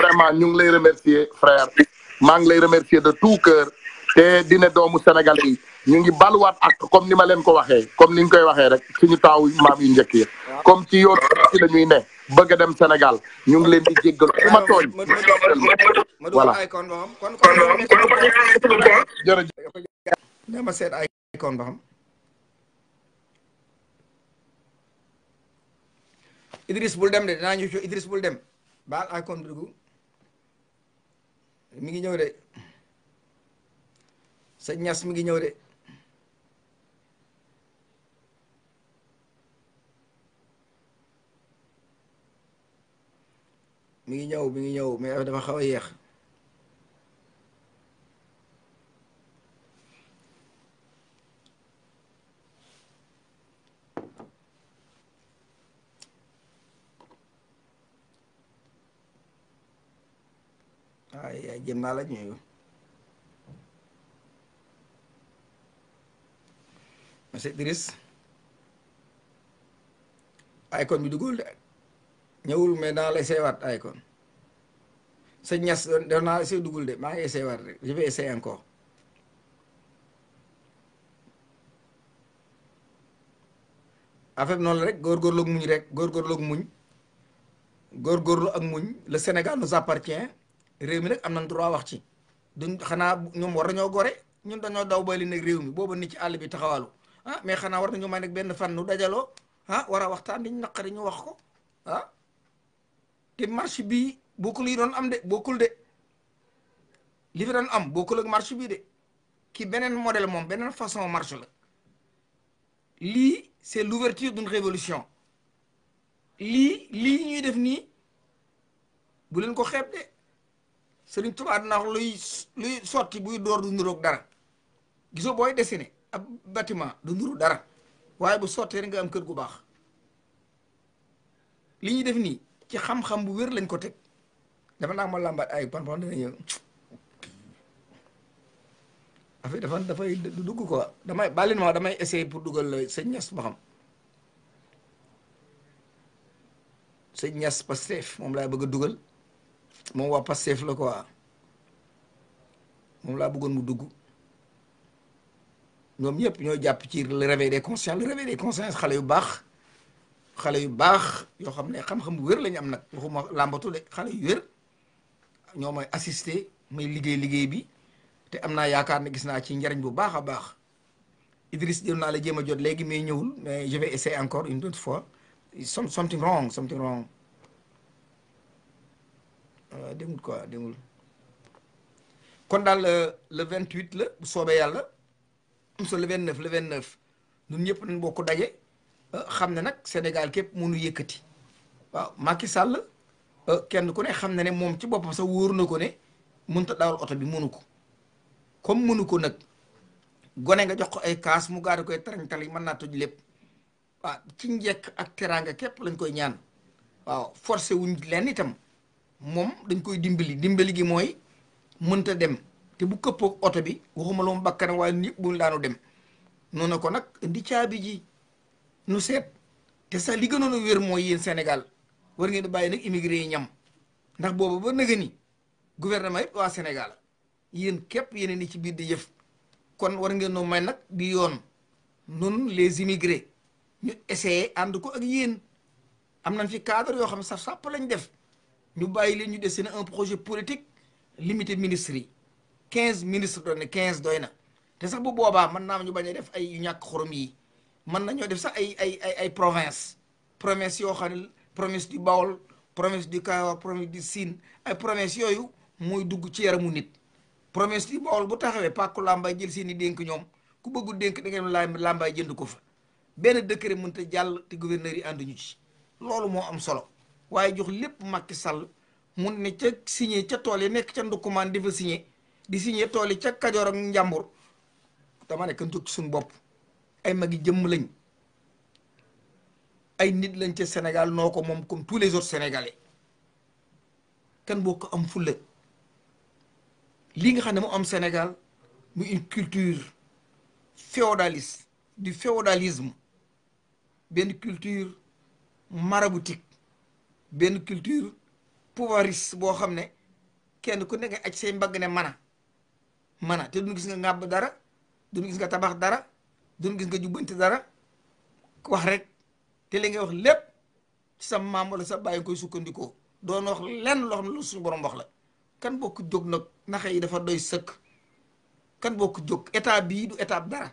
vraiment ñu ngi lay remercier frère maa ngi lay remercier de tout cœur te dina doomu Sénégal yi ñu ngi baluwaat ak comme ni ma leen ko waxee comme ni ñu koy waxee rek ñu taaw maam yu njëkk yi comme ci yoon ci la ne bëgg a dem Sénégal ñu ngi leen di jéggal ku ma tooñ voilà jërëjëf. Idriss bul dem de dinaa ñu coow Idriss dem baal ay compte dugg mi ngi ñëw de sa ñas mi ngi ñëw de mi ngi ñëw mi ngi ñëw mais dafa xaw a yéex waaw yaay jëm naa la ñuyu monsieur Idriss icône bi duggul de ñëwul mais dana la essayewaat icône sa ñas def naa essaye de maa ngi essayewaat rek je vais essayer encore affaire bi noonu la rek góorgóorlu ak muñ rek góorgóorlu ak muñ góorgóorlu ak muñ le Sénégal nous appartient réew mi nag am nañ droit wax ci duñ xanaa ñoom war nañoo gore ñun dañoo daw bay li nag réew mi booba nit ci àll bi taxawaalu ah mais xanaa war nañu may nag benn fan nu dajaloo ah war a waxtaan liñ naqari ñu wax ko ah te marché bii bokkul yi doon am de bokkul de li fi doon am bokkul ak marché bii de ki beneen modèle moom beneen façon marché la lii c'est l'ouverture d'une révolution lii li ñuy def nii bu leen ko xeeb de Serigne Touba wax luy luy sorti buy door du niroog dara giso boy dessiné ab bâtiment du niru dara waye bu sorti nga am kër gu bax liñu def ni ci xam-xam bu wër lañ ko tek dama na ma lambat ay pan-pan dana ñëw affaire dafa dafay du dugg ko damay balin ma damay essayer pour duggal sëñ Niass ba xam sëñ Niass Pastef mom lay bëgg duggal moom waa Pastef la quoi Mon la bëggoon mu dugg ñom ñëpp ñoy japp ci le réveil des consciences le réveil des consciences xalé yu bax xalé yu bax yo xamné xam-xam wër lañ ñu am nag waxuma làmbatu de xalé yu wër ñoo may assister may liggéey liggéey bi té amna yaakaar ne gis naa ci njariñ bu baaxa baax Idriss jël na la jéem jot légui may ñewul mais je vais essayer encore une autre fois something wrong something wrong Euh, demul quoi demul kon daal euh, le vingt huit la soobee yàlla so le vingt neuf la vingt neuf ñun ñëpp nañ bokk daje euh, xam ne nag Sénégal képp mënu yëkkati waaw Macky Sall kenn ku ne xam ne ne moom ci boppam sa wóor na ko ne mënta dawal oto bi mënu ko comme mënu ko nag gone nga jox ko ay kaas mu gaari koy tarañtal yi mën naa toj lépp waaw ci njekk ak teraanga képp lañ koy ñaan waaw forcé wuñ leen itam moom dañ koy dimbali dimbali gi mooy mënta dem te bu këppoog oto bi waxuma la mu bakkan waaye nit bu daanu dem noonu ko nag indi caabi ji nu set te sax li gënoon a wér mooy yéen Sénégal war ngeen di bàyyi nag immigré yi ñam ndax booba ba naga ni gouvernement yëpp waa Sénégal yéen képp yeneen ni ci biir di jëf kon war ngeen noo may nag bi yoon nun les immigrés ñu essayé ànd ko ak yéen am nañ fi cadre yoo xam saf sàpp lañ def ñu bàyyi leen ñu def na un projet politique limité ministres yi quinze ministre doon na quinze doy na te sax bu boobaa mën naa ñu bañ a def ay yu ñàkk xorom yi mën nañoo def sax ay ay ay ay province province yoo xam ne province du Bawol province du Kayoor province du Sine ay province yooyu mooy dugg ci yaramu nit province du Bawol bu taxawee pàkku làmbaay jël seen i dénk ñoom ku bëggul dénk da ngeen laam làmbaay jënd ko fa benn décret mënta jàll te gouverneur yi ànduñu ci loolu moo am solo waaye jox lépp Macky Sall mun ne ca signé ca tool yi nekk ca Ndoukoumane di fa signé di signé tool yi ca Kajoor ak Njàmbur dama ne kan jóg ci suñu bopp ay magi jëmm lañ ay nit lañ ca Sénégal noo ko moom comme tous les autres Sénégalais kan boo am fulla li nga xam ne mu am Sénégal mu une culture féodaliste di féodalisme benn culture maraboutique benn culture pouvoiriste boo xam ne kenn ku nekk aj say mbagg ne mana mana te duñ gis nga ngàbb dara duñ gis nga tabax dara duñ gis nga jubbanti dara wax rek te li ngay wax lépp ci sa maam wala sa bàyyi koy sukkandikoo doon wax lenn loo xam ne lu suñu borom la kan bokk jóg nag naxa yi dafa doy sëkk kan bokk jóg état bii du état dara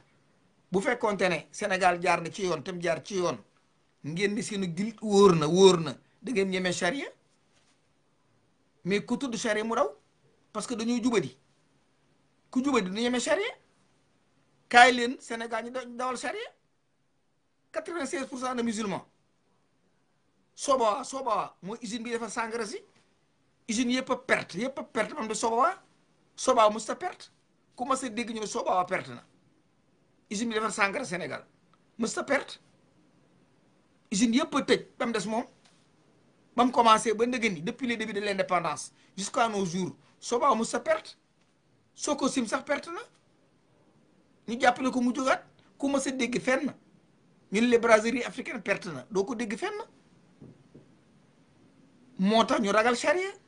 bu fekkonte ne Sénégal jaar na ci yoon tam jaar ci yoon ngeen ni seen gilit wóor na wóor na da ngeen ñeme charia mais ku tudd mu raw parce que dañuy jubadi ku jubadi du ñeme charia kaay leen Sénégal ñu dawal charia quatre-vingt-seize pour cent de musulmans Sobawa Sobawa mooy usine bi sangara si usine yëpp a perte yëpp a perte man de Sobawa Sobawa mosut a perte ku ma sa dégg ñu ne Sobawa perte na usine bi sangara Sénégal mosut a perte usine yëpp a tëj ba mu des moom. ba mu commencé ba ndëgën ni depuis le début de l' indépendance jusqu' jour nos jours Soba mu sa perte soo ko sim sax perte na ñu jàppale ko mu jógaat ku ma sa fen fenn ñu ne les brasseries perte na doo ko dégg fenn moo tax ñu ragal charia